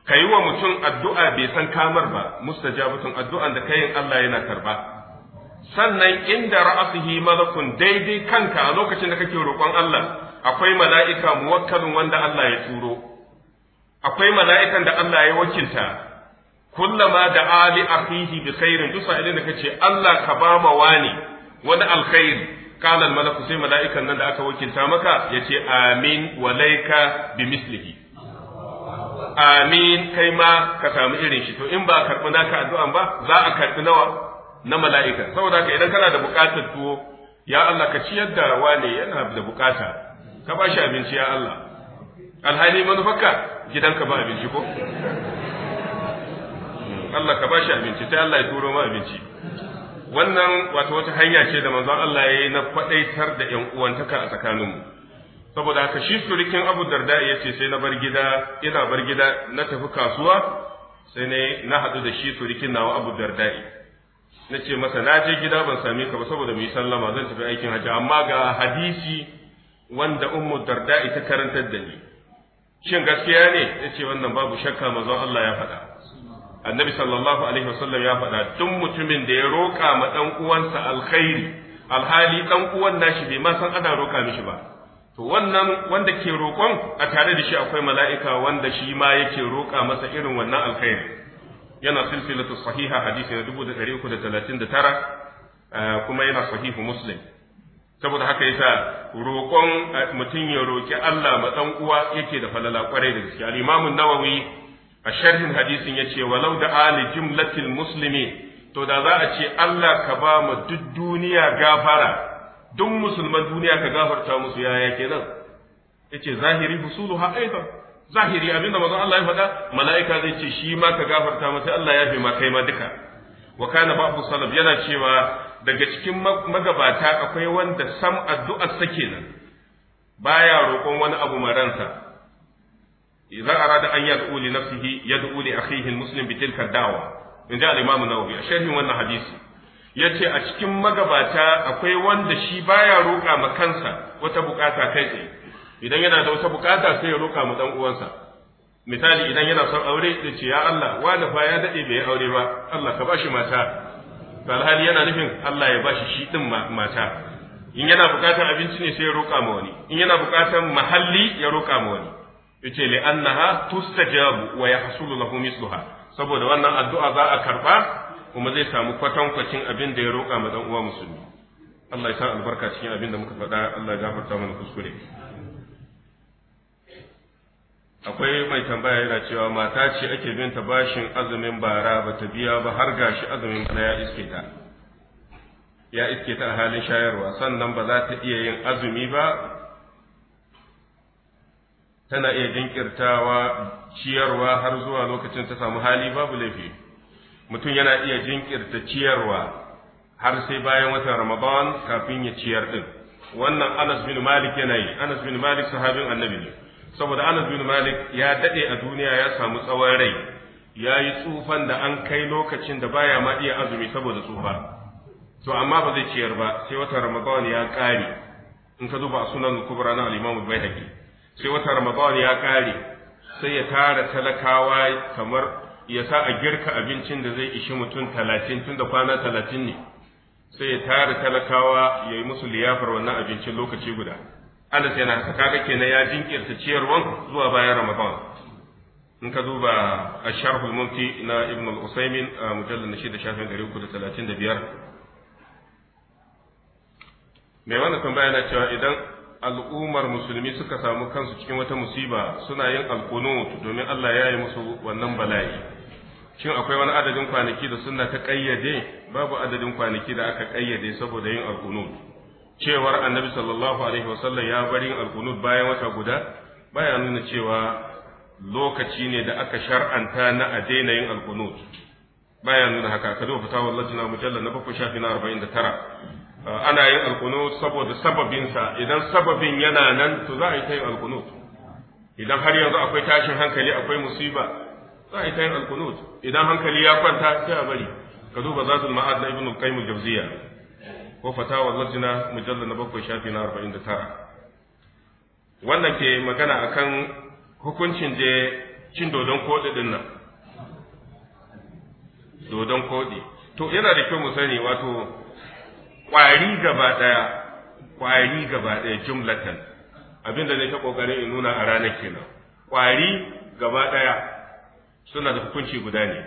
ka yi wa mutum addu'a bai san kamar ba mustajabatun addu'an da kayin Allah yana karba sannan inda ra'asihi malakun daidai kanka a lokacin da kake roƙon Allah akwai mala'ika muwakkalin wanda Allah ya turo akwai mala'ikan da Allah ya wakilta kullama da ali akhihi bi khairin duk sa'ilin da kace Allah ka ba ma wani wani alkhairi kalan malaku sai mala'ikan nan da aka wakilta maka yace amin walaika bi mislihi amin kai ma ka samu irin shi to in ba karɓi naka addu'an ba za a karɓi nawa na mala'ika saboda ka idan kana da buƙatar tuwo ya Allah ka ciyar da wane yana da buƙata ka ba shi abinci ya Allah alhali manufarka gidanka ba abinci ko Allah ka ba shi abinci sai Allah ya turo ma abinci wannan wato wata hanya ce da manzon Allah ya yi na faɗaitar da ‘yan uwantaka a tsakaninmu. Saboda haka shi surikin Abu Darda ya ce sai na bar gida, ina bar gida na tafi kasuwa sai ne na haɗu da shi surikin nawa Abu Darda. Na ce masa na je gida ban sami ka ba saboda mu sallama zan tafi aikin hajji amma ga hadisi wanda Ummu Darda ta karantar da ni. Shin gaskiya ne? Ya ce wannan babu shakka manzon Allah ya faɗa. annabi sallallahu alaihi wasallam ya faɗa duk mutumin da ya roƙa ma ɗan uwansa alkhairi alhali ɗan uwan nashi bai ma san ana roƙa mishi ba to wannan wanda ke roƙon a tare da shi akwai mala'ika wanda shi ma yake roƙa masa irin wannan alkhairi yana silsilatu sahiha hadisi na 1339 eh, kuma yana sahihu muslim saboda haka yasa roƙon eh, mutum ya roƙi Allah ma dan uwa yake da falala kwarai da gaske al-imamu nawawi a sharhin hadisin yace walau da ali jumlatil muslimi to da za a ce Allah ka ba mu duk duniya gafara duk musulman duniya ka gafarta musu yaya kenan yace zahiri husulu ha aidan zahiri abinda manzon Allah ya faɗa mala'ika zai ce shi ma ka gafarta masa Allah ya fi ma kai ma duka wa kana ba'du salaf yana cewa daga cikin magabata akwai wanda sam addu'a sake nan baya roƙon wani abu maransa idza arada an yad'u li nafsihi yad'u li akhihi almuslim bi tilka da'wa in da al-imam an-nawawi a sharhin wannan hadisi yace a cikin magabata akwai wanda shi baya roƙa ma kansa wata bukata kai tsaye idan yana da wata bukata sai ya roƙa ma dan uwansa misali idan yana son aure zai ya Allah wani fa ya dade bai aure ba Allah ka bashi mata alhali yana nufin Allah ya bashi shi din mata in yana bukatar abinci ne sai ya roƙa ma wani in yana bukatar mahalli ya roƙa ma wani yace li annaha tustajabu wa yahsulu lahu misluha saboda wannan addu'a za a karba kuma zai samu kwacin abin da ya roƙa ma dan uwa musulmi Allah ya sa albarka cikin abin da muka faɗa Allah ya gafarta mana kuskure akwai mai tambaya yana cewa mata ce ake binta bashin azumin bara ba ta biya ba har gashi azumin bana ya iske ta ya iske ta a halin shayarwa sannan ba za ta iya yin azumi ba tana iya jinkirtawa ciyarwa har zuwa lokacin ta samu hali babu laifi mutum yana iya jinkirta ciyarwa har sai bayan watan ramadan kafin ya ciyar din wannan anas bin malik yana yi anas bin malik sahabin annabi ne saboda anas bin malik ya dade a duniya ya samu tsawon rai ya yi tsufan da an kai lokacin da baya ma iya azumi saboda tsufa to amma ba zai ciyar ba sai watan ramadan ya kare in ka duba sunan kubra na al-imam al-baihaqi sai wata ramadan ya kare sai ya tara talakawa kamar ya sa a girka abincin da zai ishi mutum talatin tun da kwana talatin ne sai ya tara talakawa ya yi musu liyafar wannan abincin lokaci guda anas yana haka kaga kenan ya jinkirta ciyarwan zuwa bayan ramadan in ka duba a sharhul mumti na ibn al-usaymin a mujallar na shida shafin gari mai wannan tambaya na cewa idan al'ummar musulmi suka samu kansu cikin wata musiba suna yin alkunut domin Allah ya yi musu wannan bala'i shin akwai wani adadin kwanaki da suna ta kayyade babu adadin kwanaki da aka kayyade saboda yin alkunut cewar annabi sallallahu alaihi wasallam ya bari yin alkunut bayan wata guda baya nuna cewa lokaci ne da aka shar'anta na a daina yin alkunut baya nuna haka ka duba lajina mujalla na bakwai shafi na arba'in da tara Eh, ana yin alkunut saboda sababinsa idan sababin yana nan to za a yi ta yin alkunut idan har yanzu akwai tashin hankali akwai musiba za a yi ta yin alkunut idan hankali ya kwanta sai a bari ka duba zatul ma'ad na ibnu qayyim al ko fatawa lajna mujallal na bakwai shafi na 49 wannan ke magana akan hukuncin da cin dodon koɗi din nan dodon koɗi to yana da kyau mu sani wato kwari gaba daya kwari gaba daya jumlatan abinda nake kokarin in nuna a ranar kenan kwari gaba daya suna da hukunci guda ne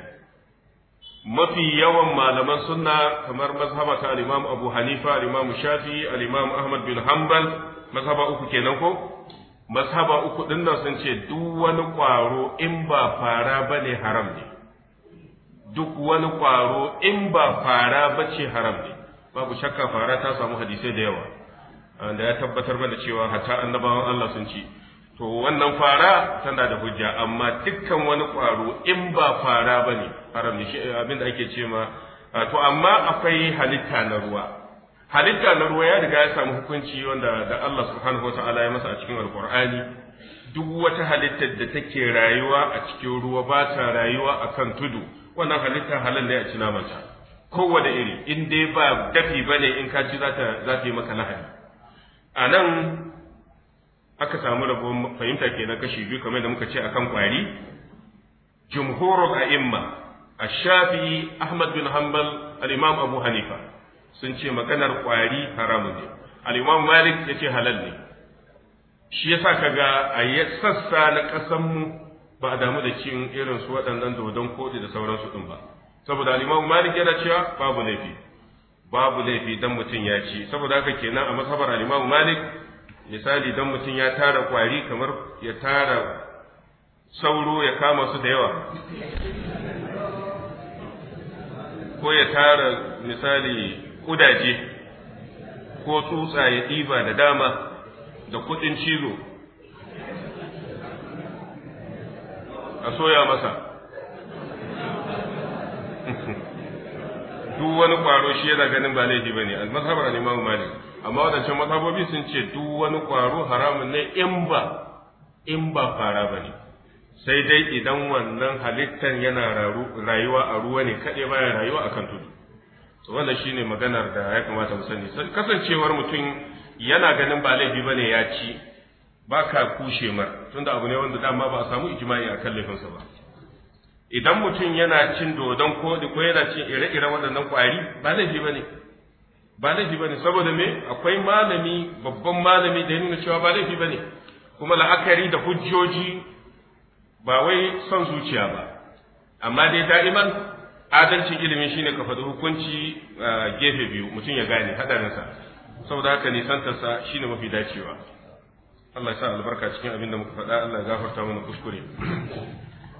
mafi yawan malaman sunna kamar mazhaba ta al-Imam Abu Hanifa al-Imam Shafi al-Imam Ahmad bin Hanbal mazhaba uku kenan ko mazhaba uku din sun ce duk wani kwaro in ba fara bane haram ne duk wani kwaro in ba fara bace haram ne babu shakka fara ta samu hadisai da yawa uh, da ya tabbatar mana cewa hatta annabawan Allah sun ci to wannan fara tana da hujja amma dukkan wani kwaro in ba fara bane haram ne shi uh, da ake ce ma uh, to amma akwai halitta na ruwa halitta na ruwa ya riga ya samu hukunci wanda da Allah subhanahu wataala ya masa a cikin alqur'ani duk wata halittar da take rayuwa a cikin ruwa ba ta rayuwa akan tudu wannan halitta halal ne a ci namanta kowane iri in dai ba dafi ba ne in ka ci za ta yi maka lahani a nan aka samu fahimtar fahimta na kashi biyu kamar da muka ce akan kwari jumhurul a'imma ash Ashafi, ahmad bin hanbal al abu hanifa sun ce maganar kwari haramun ne al-imam malik ce halal ne shi yasa ga a yi sassa na kasanmu ba a damu da cin irin su waɗannan dodon koɗi da sauransu din ba saboda al Malik yana cewa babu laifi babu laifi dan mutum ya ci saboda haka kenan a masabar al Malik misali dan mutum ya tara kwari kamar ya tara sauro ya kama su da yawa ko ya tara misali kudaje ko tsutsa ya ɗiba da dama da kuɗin cizo a soya masa duk wani kwaro shi yana ganin ba laifi bane al-mazhabar al-Imam Malik amma wadancan mazhabobi sun ce duk wani kwaro haramun ne in ba in ba fara bane sai dai idan wannan halittar yana rayuwa a ruwa ne kaɗai baya rayuwa akan tudu to wannan shine maganar da ya kamata mu sani kasancewar mutum yana ganin ba laifi bane ya ci baka ka kushe mar tunda abu ne wanda dama ba a samu ijma'i akan laifinsa ba idan mutum yana cin dodon koɗi ko yana cin ire-iren waɗannan ƙwari ba laifi ba ne ba laifi ba ne saboda me akwai malami babban malami da ya cewa ba laifi ba ne kuma la'akari da hujjoji ba wai son zuciya ba amma dai da'iman adalcin ilimi shine ka faɗi hukunci gefe biyu mutum ya gane haɗarinsa saboda haka nisantarsa shine mafi dacewa Allah ya sa albarka cikin abin da muka faɗa Allah ya gafarta mana kuskure